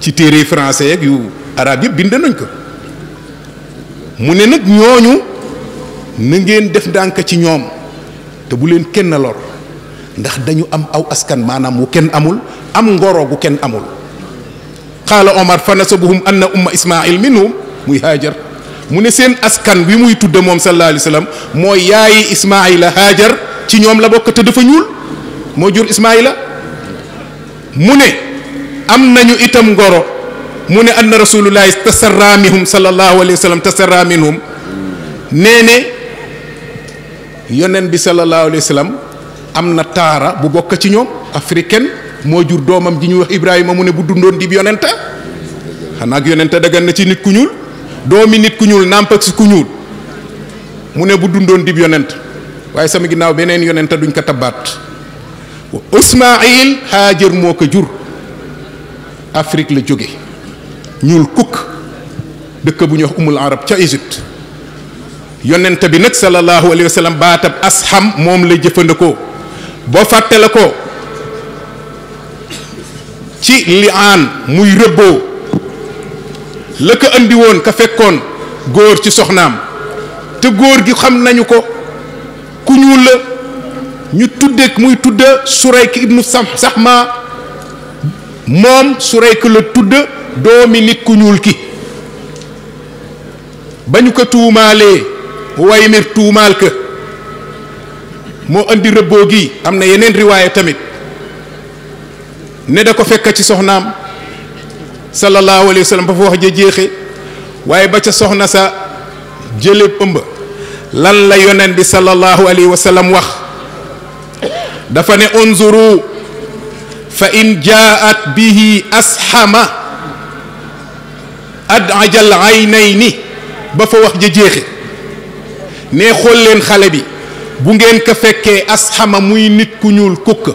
ci téere français ak yu arabe yëpp bind nañ ko mu ne nag ñooñu na ngeen def ndànk ci ñoom te bu leen kenn lor ndax dañu am aw askan maanaam wu kenn amul am ngoro gu kenn amul qaala omar fa nasabuhum anna umma ismail minhum muy haajar mu ne seen askan wi muy tudd moom sallallahu moo wa sallam mooy yaayi ismaila haajar ci ñoom la bokk te dafa ñuul moo jur ismaila mu ne am nañu itam ngoro mu ne an rasulullahi tasarra minhum sallallahu alayhi wa sallam bi sallallahu alayhi wa sallam am na taara bu bokk ci ñoom africaine moo jur doomam ji ñuy wax Ibrahima mu ne bu dundoon dib yonenta xanaa ak yonenta dagan na ci nit ku ñuul doomi nit ku ñuul nàmpak si ku ñuul mu ne bu dundoon dib yonent waaye sama ginnaaw beneen yonenta duñ ko tabaat Ismaayil Haajar moo ko jur Afrique la jóge ñuul kukk dëkk bu ñuy wax umul arab ca Égypte yonent bi nag sallallahu alayhi wa sallam baatab asxam moom lay jëfandikoo. boo fàtte la ko ci liaan muy rëbboo la ko andi woon fekkoon góor ci soxnaam te góor gi xam nañu ko ku ñuul la ñu tudde muy tudd surayk ibnu sam saxma moom surayk la tudd doomi nit ku ñuul ki ba ñu ko tuumaalee waymir tuumaal ka mo andi rebo gi amna yenen riwaya tamit ne da ko fekk ci soxnam sallallahu alayhi wasallam sallam ba fa wax je jeexe waye ba ca soxna sa jele ëmb lan la yonen bi sallallahu alayhi wasallam wax dafa ne unzuru fa in jaat bihi ashama adajal aynaini ba fa wax je jeexe ne xol len xale bi bu ngeen ko fekkee asxama muy nit ku ñuul kukk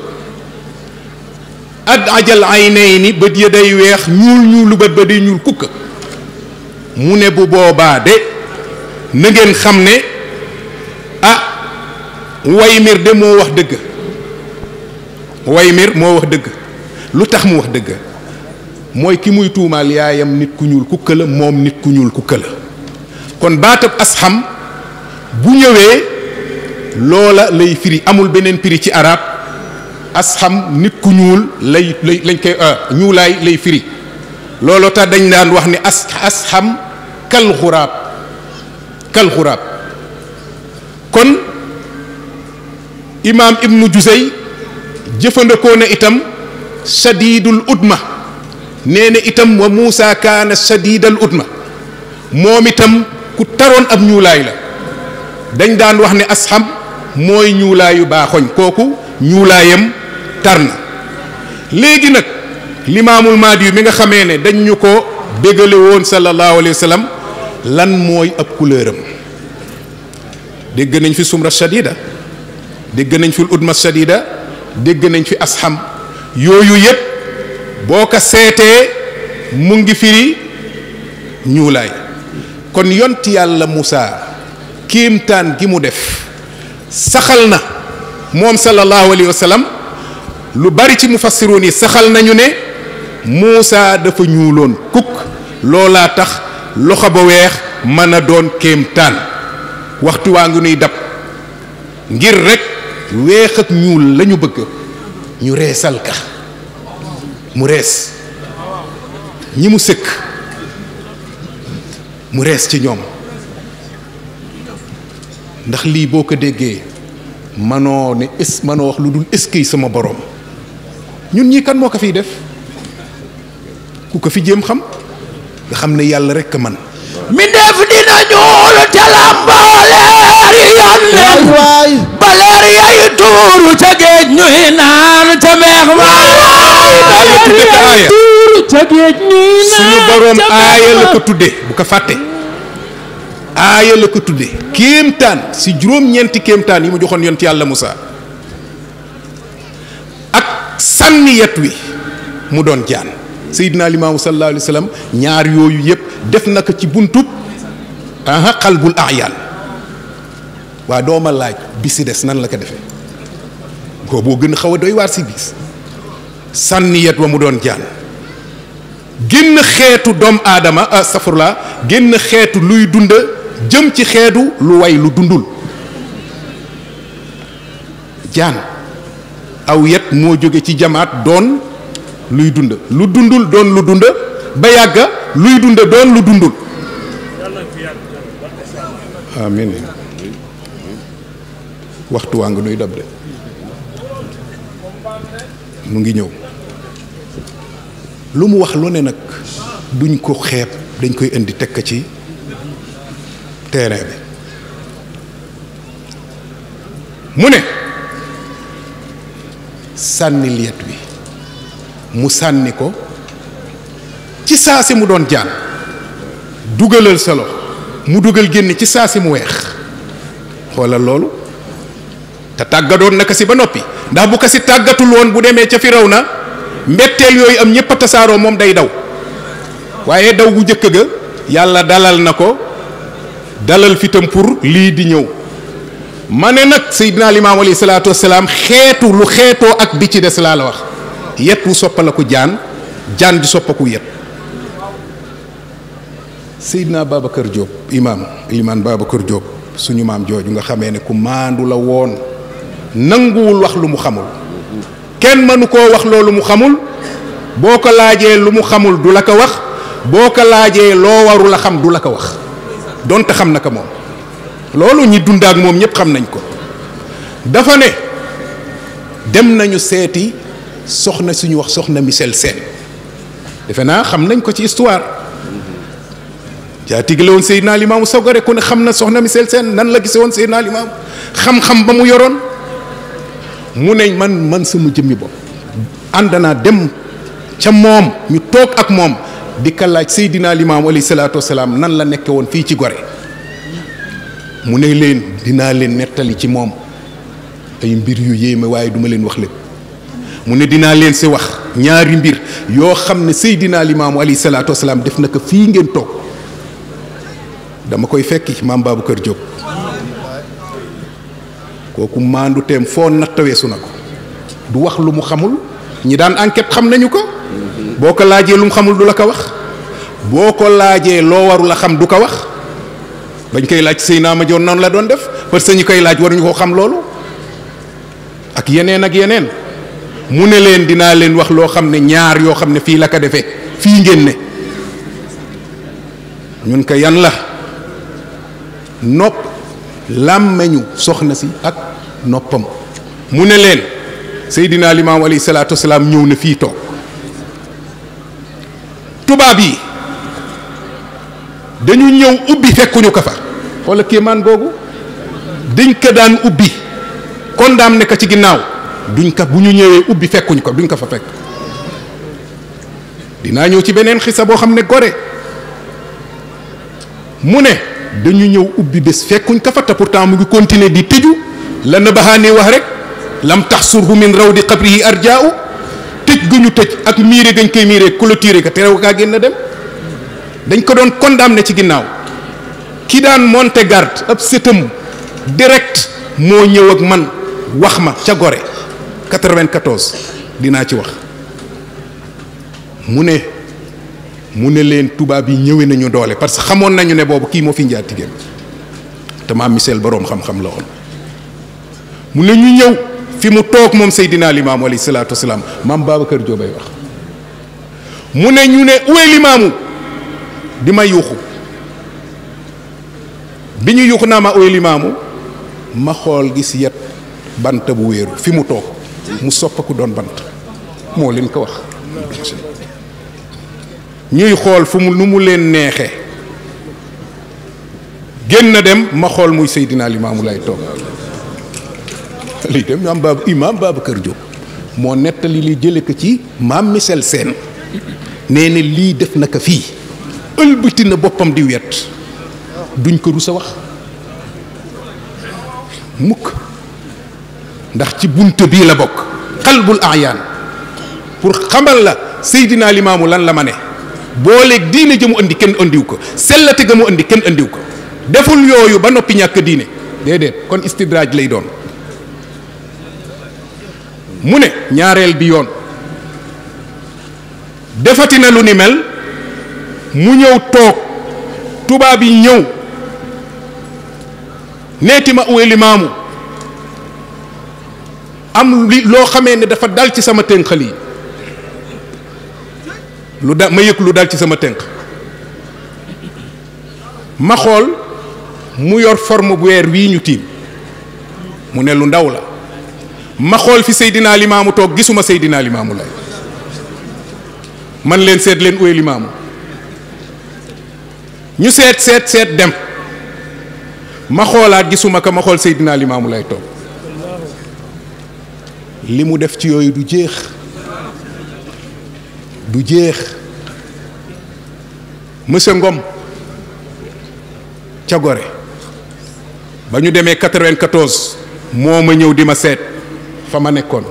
ak ajal ay nay ni bët ya day weex ñuul ñuulu bët ba di ñuul kukk mu ne bu boobaa de na ngeen xam ne ah waymir de moo wax dëgg waymir moo wax dëgg lu tax mu wax dëgg mooy ki muy tuumaal yaayam nit ku ñuul kukk la moom nit ku ñuul kukk la kon baatab asxam bu ñëwee lola lay firi amul beneen firi ci arab asham nit ku ñuul lay lay lañ koy ñuulaay lay firi looloo tax dañ daan wax ni as kal xuraab kal xuraab kon imaam ibnu jusey jëfandikoo na itam shadidul udma nee na itam wa muusa kaana shadidal udma moom itam ku taroon ab ñuulaay la dañ daan wax ne asxam mooy ñuulaayu baaxoñ kooku ñuulaayam tar na léegi nag limaamul mahdi mi nga xamee ne dañ ko déggale woon sallallahu alayhi lan mooy ab couleur dégg nañ fi sumra shadida dégg nañ fi udma shadida dégg nañ fi asxam yooyu yëpp boo ko seetee mu ngi firi ñuulaay kon yont yàlla Moussa kéemtaan gi mu def saxal na moom sallallahu alayhi wa lu bari ci mufassiruun yi saxal nañu ne Muusa dafa ñuuloon kukk loolaa tax loxo ba weex mën a doon kéemtaan waxtu waa ngi nuy dab ngir rek weex ak ñuul lañu bëgg ñu reesal ka mu rees ñi mu sëkk mu rees ci ñoom ndax lii boo ko déggee manoo ne es manoo wax lu dul eskay sama boroom ñun ñi kan moo ko fiy def ku ko fi jéem xam nga xam ne yàlla rekk man mi def dina ñuul te làmbaleer yi yan leen ba yay tuuru ca géej ñuy naan ca meex ma suñu borom aaya la ko tudde bu ko fàtte aaya la ko tudde kéemtaan si juróom-ñeenti kéemtaan yi mu joxoon yonent yàlla Moussa ak sànni wi mu doon jaan Seydina Limaamu sallallahu alayhi wa sallam yooyu yëpp def na ko ci buntub aha xalbul ayaan waa dooma laaj bi si des nan la ko defee booboo gën a xaw a doy waar si bis sànni wa mu doon jaan génn xeetu doom aadama ah, safurla génn xeetu luy dund jëm ci xeedu lu way lu dundul jaan aw yet moo jóge ci jamaat doon luy dund lu dundul doon lu dund ba yàgg luy dund doon lu dundul amin waxtu waa nga nuy dab de mu ngi ñëw lu mu wax lu ne nag duñ ko xeeb dañ koy indi ci terrain bi mu ne sànnil yet wi mu sànni ko ci saa si mu doon jaan dugalal solo mu dugal génn ci saa si mu weex xoolal loolu te tàggatoon na kasi ba noppi ndax bu kasi tàggatul woon bu demee ca firaw na mbetteel yooyu am ñépp tasaaroo moom day daw waaye daw bu njëkk ga yàlla dalal na ko dalal fitam pour li di ñew mané nak sayyidina imam ali salatu wassalam xéetu lu xéeto ak bi ci dess la la wax yet wu jaan jaan di soppaku sayyidina babakar job imam iman babakar job suñu mam joju nga xamé ne ku mandu la won nangul wax lu mu xamul kenn mënu ko wax lolu mu xamul boko laaje lu mu xamul du la ko wax boko laaje lo waru la xam du la ko wax donte xam na ko moom loolu ñuy dund moom ñëpp xam nañ ko dafa ne dem nañu seeti soxna suñu wax soxna Michel Sène defe naa xam nañ ko ci histoire jaatig la woon Seydina Limaamu Sogore ku ne xam na soxna Michel seen nan la gise woon Seydina Limaamu xam-xam ba mu yoroon mu ne man man sama jëmmi bopp ànd naa dem ca moom ñu toog ak moom dikkalaaj ka laaj Seydina Limaamu alayhi salaatu wasalaam nan la nekke woon fii ci Gorée mu ne leen dinaa leen nettali ci moom ay mbir yu yéeme waaye duma leen wax lépp mu ne dinaa leen si wax ñaari mbir yoo xam ne Seydina Limaamu alayhi salaatu wasalaam def na ko fii ngeen toog dama koy fekki maam kër Diop kooku maandu teem foo nattaweesu na ko du wax lu mu xamul ñi daan enquête xam nañu ko boko laaje laajee lu xamul du la ko wax boko laaje lo waru la xam du ko wax bañ koy laaj seyna ma jor la doon def parce que koy laaj ñu ko xam lolu ak yeneen ak yeneen mu ne leen dina leen wax lo xamne ñaar yo xamne fi la ka defé fi ngeen ne ñun ka yan la soxna si ak nopam mu ne leen sayidina ali ñew na fi tok tubaab yi dañu ñëw ubbi fekkuñu ko fa xoola kéemaan googu dañ ko daan ubbi kon condamné ko ci ginnaaw duñ ko bu ñu ñëwee ubbi fekkuñ ko duñ ko fa fekk dinaa ñëw ci beneen xisa boo xam ne gore mu ne dañu ñëw ubbi bés fekkuñ ko fa te pourtant mu ngi continuer di tëju la na wax rek lam tax surhu min raw di xabrihi arjaa tëj gu ñu tëj ak miire gañ koy miire clôturé ka terew kaa génn dem dañ ko doon ne ci ginnaaw ki daan monte garde ab setam direct moo ñëw ak man wax ma ca Gorée 94 dinaa ci wax mu ne mu ne leen tubaab yi ñëwee nañu doole parce que xamoon nañu ne boobu kii moo fi njaatigéen te maam Michel boroom xam-xam la woon mu ne ñu ñëw. fi mu toog moom Seydina Limaamu alayhi salaatu wasalaam maam Babacar Diop ay wax mu ne ñu ne uwe limaamu di ma yuuxu bi ñu yuuxu naa ma uwe limaamu ma xool gis yet bant bu wéeru fi mu toog mu soppaku doon bant moo leen ko wax ñuy xool fu mu nu mu leen neexe génn dem ma xool muy Seydina Limaamu lay toog nettali am baab imaam Babacar moo nettali li jële ko ci maam Misel sel seen na lii def na ko fii ëlbati boppam di wet duñ ko rus a wax mukk ndax ci bunt bii la bokk xalbul ayaan pour xamal la Seydina Limaamu lan la ma ne booleeg diine ja mu andi kenn andiw ko sellate ga mu andi kenn indiw ko deful yooyu ba noppi ñàkk diine déedéet kon istidraaj lay doon mu ne ñaareel bi yoon defati na lu ni mel mu ñëw toog tubaab yi ñëw neeti ma uwe limaamu am loo xamee ne dafa dal ci sama tënqal yi lu da ma yëg lu dal ci sama tënk ma xool mu yor form weer wii ñu tiim mu ne lu ndaw la ma xool fi Seydina Limaamu toog gisuma Seydina Limaamu Laay man leen seet leen uwe Limaamu ñu seet seet seet dem ma xoolaat gisuma ko ma xool Seydina Limaamu lay toog li mu def ci yooyu du jeex du jeex monsieur Ngom ca gore ba ñu demee 94 moo ma ñëw di ma seet fa ma nekkoon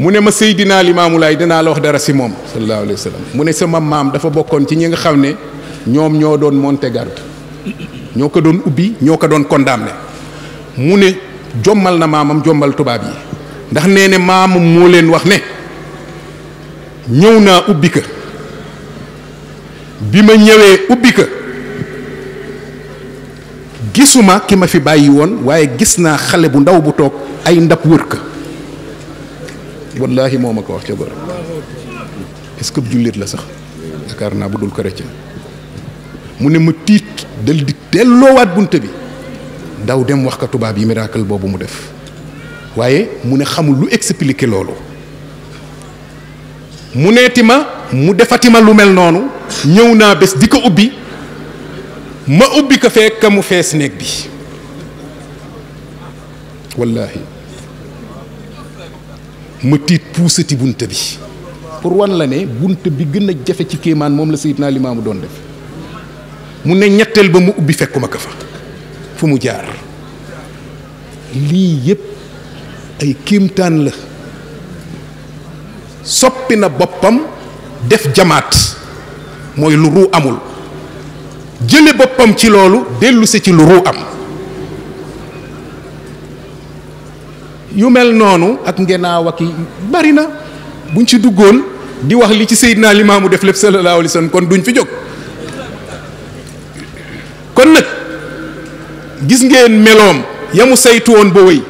mu ne ma Seydina Limaamu Laay dinaa la wax dara si moom sallallahu alayhi wa mu ne sama maam dafa bokkoon ci ñi nga xam ne ñoom ñoo doon monter garde ñoo ko doon ubbi ñoo ko doon condamné mu ne jommal na maamam jombal tubaab yi ndax nee ne maamam moo leen wax ne ñëw naa ubbi ka bi ma ñëwee ubbi ka gisuma ki ma fi bàyyi woon waaye gis naa xale bu ndaw bu toog ay ndab wërk wallahi wallaahi ko wax ci bor est est-ce que julit la sax yaakaar na bu dul chrétien mu ne ma tit del di wat bunte bi ndaw dem wax ka tuba bi miracle bobu mu def waye mu ne xamul lu expliquer lolu mu ne tima mu defati ma lu mel nonu ñewna bés diko ubi ubbi ma ubbi ko fekk mu fess nek bi wallahi ma tiit puusati bunt bi pour wan la ne bunt bi gën a jafe ci kéemaan moom la naa Seydina Limaamu doon def mu ne ñetteel ba mu ubbi fekkuma ko fa fu mu jaar lii yépp ay kéemtaan la soppi na boppam def jamaat mooy lu ruu amul jële boppam ci loolu dellu si ci lu ruu am yu mel noonu ak ngenaaw ak bari na buñ ci duggoon di wax li ci Seydina Limaamu def lépp sallallahu alayhi wasallam kon duñ fi jóg kon nag gis ngeen meloom yamu saytu woon ba wéy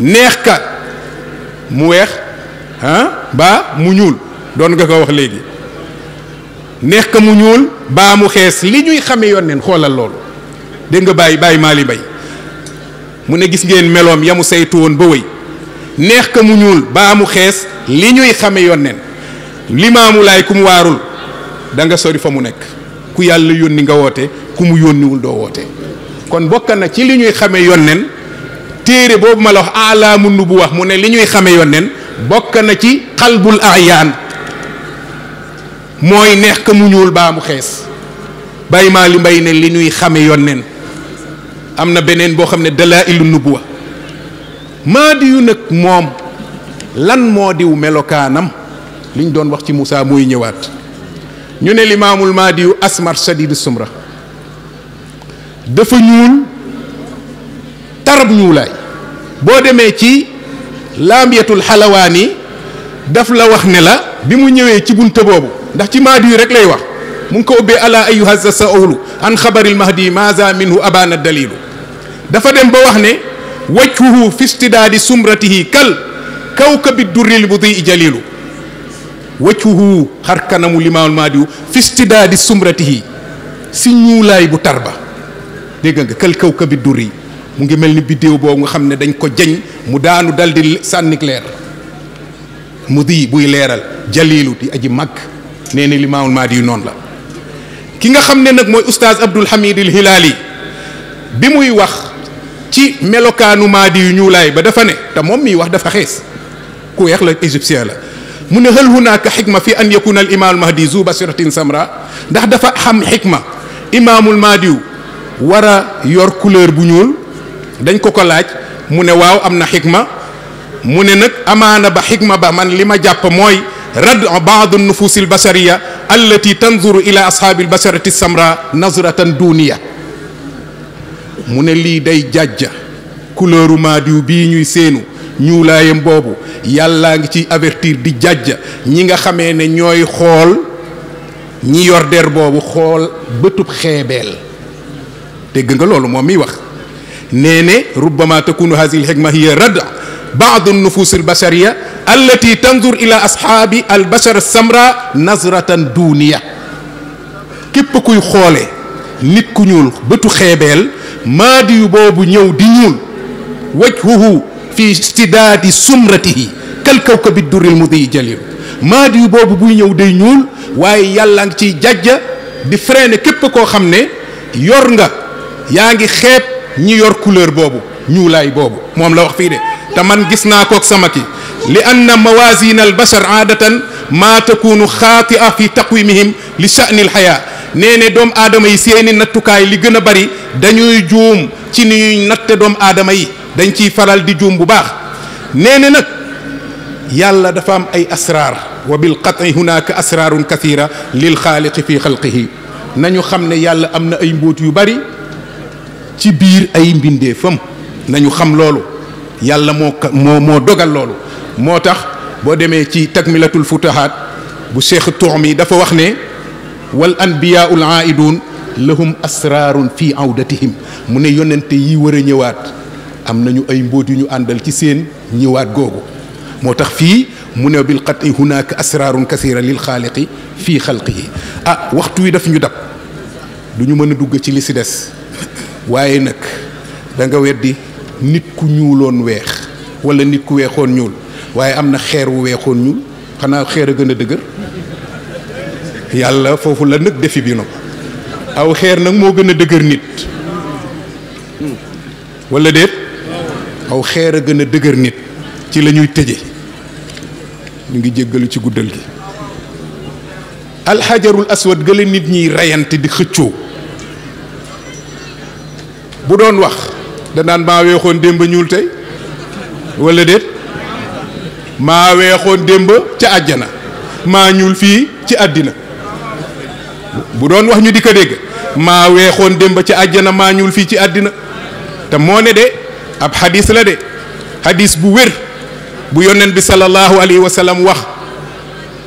neex ka mu weex ah baa mu ñuul doon nga ko wax léegi neex ka mu ñuul baa mu xees li ñuy xame yonneen xoolal loolu dégg bàyyi bàyyi maali bay mu ne gis ngeen meloom yamu saytu woon ba wéy neex ka mu ñuul baa mu xees li ñuy xame yonneen limaamu laay ku mu waarul danga sori fa mu nekk ku yàlla yónni nga woote ku mu yónniwul doo woote kon bokk na ci li ñuy xame yonneen téere boobu ma la wax alaamu nubu wax mu ne li ñuy xame yonneen bokk na ci xalbul ayaan mooy neex ka mu ñuul baa mu xees bay maa li mbay ne li ñuy xame yonneen am na beneen boo xam ne dala dalaa ilu nubuwa maadi yu nag moom lan moo diw melokaanam liñ ne limaamul maadi asmar shadid sumra dafa ñuul tarab ñuulaay boo demee ci laambiyatul xalawaani daf la wax ne la bi mu ko ubbee ala ayuha sa sa an xabaril mahdi maza minhu abana dalilu dafa dem ba wax ne وجهه في استداد سمرته كل كوكب الدر البضيء جليل وجهه خركنا لما الماديو في استداد سمرته سنولاي بتربة دعنا كل كوكب الدر مونغي ملني فيديو بو خا خامني دنج كو جاج مودانو دالدي سان كلير مودي بوي ليرال جليل دي ادي ماك نيني لي ماون نون لا كيغا خامني نك موي استاذ عبد الحميد الهلالي بيموي واخ ci melokaanu maadi yu ñuulaay ba dafa ne ta mom mi wax dafa xess ku weex la égyptien la mu hal hunaka hikma fi an yakuna al imam mahdi zu basiratin samra ndax dafa xam hikma imam al war wara yor couleur bu ñuul dañ ko ko laaj mu ne waaw am na xikma mu ne ba hikma ba man lima jàpp moy رد بعض النفوس البشريه التي تنظر الى اصحاب البشره السمراء نظره دونيه mu ne lii day jajja couleuru madiou bi ñuy seenu ñuulaayam boobu yàlla ngi ci avertir di jajja ñi nga xamee ne ñooy xool ñi yor der boobu xool bëtub xeebeel dégg nga loolu moom miy wax nee ne rubbama takunu hadihi lxikma hiya rad بعض النفوس البشرية التي تنظر إلى أصحاب البشر samra nazratan duniya كيف kuy خولي nit ku ñuul bëtu خيبل ما دي بوبو نيو دي نيول وجهه في استداد سمرته كالكوكب الدر المضي جليل ما دي بوبو بو نيو دي نيول واي يالا نتي جاجا دي فرين كيب كو خامني يورغا ياغي خيب ني يور كولور بوبو نيولاي بوبو موم لا واخ في دي تا مان غيسنا كوك سماكي لان موازين البشر عاده ما تكون خاطئه في تقويمهم لشان الحياه nee ne adama yi seeni nattukaay li gën bari dañuy joom ci ni natte doomu adama yi dañ ci faral di joom bu baax nee nak yàlla dafa am ay asrar wa bil qat'i hunaka asrarun kathira lil khaliq fi khalqihi nañu xamne yàlla amna ay mbóot yu bari ci bir ay mbinde fam nañu xam lolu yàlla mo mo dogal lolu motax bo deme ci takmilatul futuhaat bu cheikh tourmi dafa wax ne wal anbiyaa'ul aa'iduun lahum asraarun fi awdatihim mu ne yonente yi war a ñëwaat am nañu ay mbóot yu ñu àndal ci seen ñëwaat googu moo tax fii mu ne bil qat'i hunaaka asraarun kasiira lil xaaliqi fii yi a ah, waxtu wi daf ñu dab du ñu mën a dugg ci li si des waaye nag da nga weddi nit ku ñuuloon weex wala nit ku weexoon ñuul waaye am na xeer wu weexoon ñuul xanaa xeer a gën a dëgër yàlla foofu la nag defi bi nu aw xeer nag moo gën a dëgër nit walla déet aw xeer a gën a dëgër nit ci la ñuy tëje ñu ngi jéggalu ci guddal gi alxajarul aswad gële nit ñiy reyante di xëccoo bu doon wax danaan maa weexoon démb ñuul tey wala déet maa weexoon démb ci àjjana maa ñuul fii ci àddina bu doon wax ñu di ko dégg maa weexoon démb ci àjjana maa ñuul fii ci àddina te moo ne de ab xadis la de xadis bu wér bu yonent bi sallallahu alayhi wa sallam wax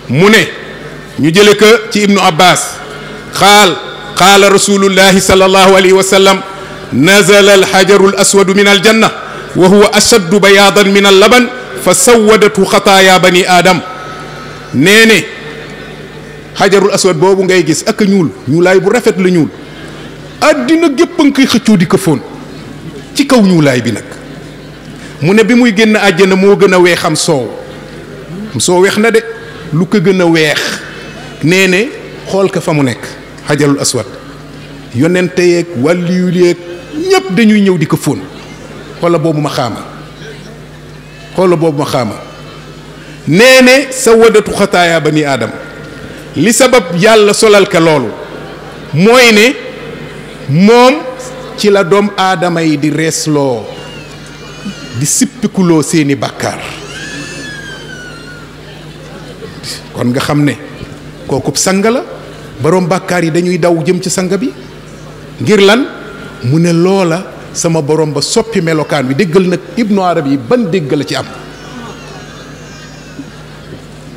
mu ne ñu jële ko ci ibnu abbas qaal qaala rasulullahi sallallahu alayhi wa sallam nazala alxajaru alaswadu min aljanna wa huwa ashaddu bayaadan min allaban fa sawadatu xataaya bani aadam nee ne hajaru aswad bobu ngay gis ak ñuul ñuulaay bu rafet la ñuul adina gep ngi xëccu di ko fon ci kaw ñuulaay bi nak mu ne bi muy génn aljana mo gëna a soow am na de lu ko gëna wéx weex ne xool ko fa aswad yonente yek waliyul yek ñep dañuy ñëw di ko fon xola bobu ma xama xola bobu ma xama nee ne sa wadatu bani adam li sabab yàlla solal ko loolu mooy ne moom ci la doom aadama yi di reesloo di sippikuloo seeni bàkkaar kon nga xam ne kooku sang la boroom bàkkaar yi dañuy daw jëm ci sang bi ngir lan mu ne loola sama boroom ba soppi melokaan wi déggal nag ibnu arab yi ban dégg la ci am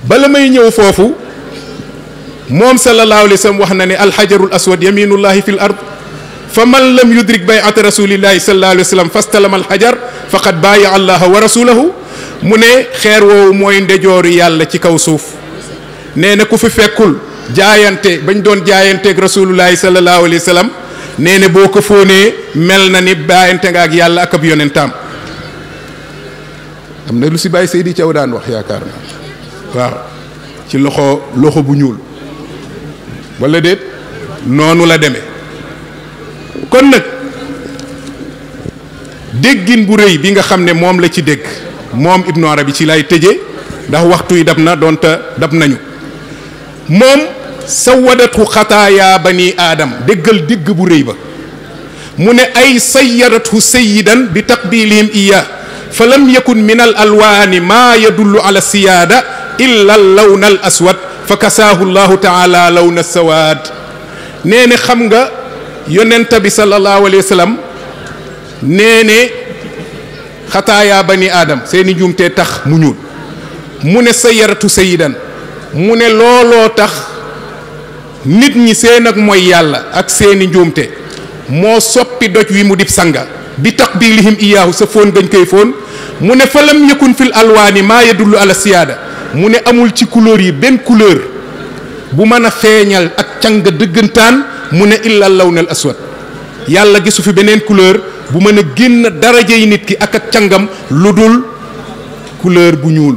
bala may ñëw foofu موم صلى الله عليه وسلم وخنا ني الحجر الاسود يمين الله في الارض فمن لم يدرك بيعه رسول الله صلى الله عليه وسلم فاستلم الحجر فقد بايع الله ورسوله مني خير وو موي ندجور يالا سي كاو سوف نينا كو في فيكول جاينتي بن دون جاينتي رسول الله صلى الله عليه وسلم نينا بوكو فوني ملنا ني باينتي يالا اكب يونتام amna lu ci baye seydi ciowdan wax yakarna waaw ci loxo loxo bu wala déet noonu la deme kon nag déggin bu rëy bi nga xam ne moom la ci dégg moom Ibnu Arabi ci lay tëje ndax waxtu yi dab na donte dab nañu moom sawadatu xataaya bani aadam déggal dégg bu rëy ba mu ne ay sayyaratu sayyidan bi taqbilihim iya fa lam yakun min alwaani maa yadullu ala siyaada illa al lawn al fa kasaahu llahu taala law na sawaad nee ne xam nga yonent bi salallahu alayhi wa sallam nee ne xataayaa bani aadam seeni njuumtee tax mu ñuul mu ne sayaratu sayidan mu ne looloo tax nit ñi seen ak mooy yàlla ak seeni njuumte moo soppi doj wi mu dib sanga bi taqbilihim iyaahu sa foon gañ koy foon mu ne falam yakun fil alwaani maa yadullu ala siyaada mu ne amul ci couleur yi benn couleur bu mën a feeñal ak cang dëggantaan mu ne illa lawnal aswad yàlla gisu fi beneen couleur bu mën a génn daraja yi nit ki ak ak cangam lu dul couleur bu ñuul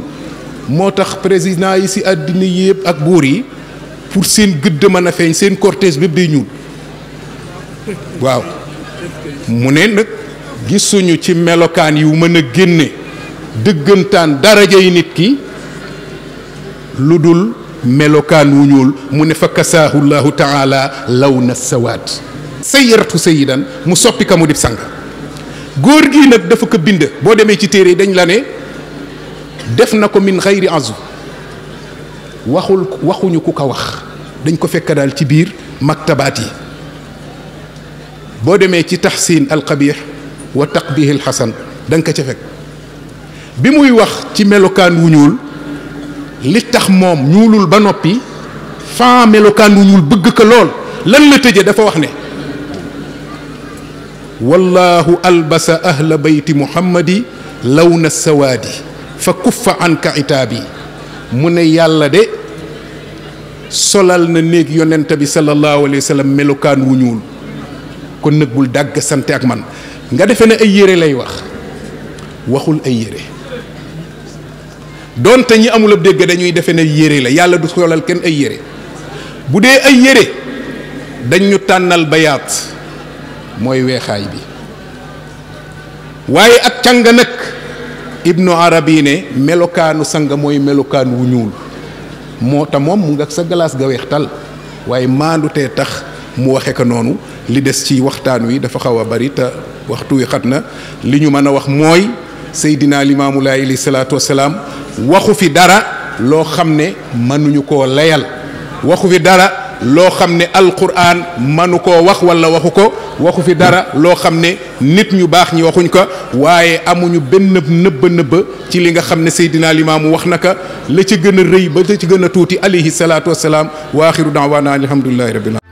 moo tax président yi si àddina yëpp ak buur yi pour seen gëdd mën a feeñ seen cortège bépp day ñuul waaw mu ne nag gisuñu ci melokaan yu mën a génne dëggantaan daraja yi nit ki ludul melokan melokaan wu ñuul taala law na sawaad sayyaratu sayyidan mu soppi ka mu dib sang góor gii nag dafa ko bind boo demee ci téere dañ la ne def na min xayri azu waxul waxuñu ku ko wax dañ ko fekk daal ci biir maktabaat yi boo demee ci taxsin alqabix wa taqbih alxasan da nga ko ca fekk bi muy wax ci melokaan wu li tax moom ñuulul ba noppi fan melokaan wu ñuul bëgg ko lool lan la tëje dafa wax ne wallahu albasa ahla bayti muhammadi lawna sawaadi fa kuffa anka itaabi mu yàlla de solal na néeg yonent bi sallallahu alayhi wa sallam melokaan wu ñuul kon nag bul dàgg sante ak man nga defe ay yére lay wax waxul ay yére donte ñi amul a dégg dañuy defe ne yére la yàlla du solal kenn ay yére bu dee ay yére dañ tànnal bayaat mooy weexaay bi waaye ak càng nag ibnu arabi ne melokaanu sang mooy melokaan wu ñuul moo ta moom mu nga sa galaas ga weex tal waaye maandutee tax mu waxe ko noonu li des ci waxtaan wi dafa xaw a bari te waxtu wi xat na li ñu mën a wax mooy seydina limaamu laay alayhi salaatu wasalaam waxu fi dara loo xam ne mënuñu koo layal waxu fi dara loo xam ne alquran mënu koo wax wala waxu ko waxu fi dara loo xam ne nit ñu baax ñi waxuñ ko waaye amuñu benn nëbba nëbba ci li nga xam ne seydina limaamu wax na ka la ci gën a rëy ba la ci gën a tuuti alayhi salaatu wasalaam wa axiru daawaana alhamdulilahi rabbil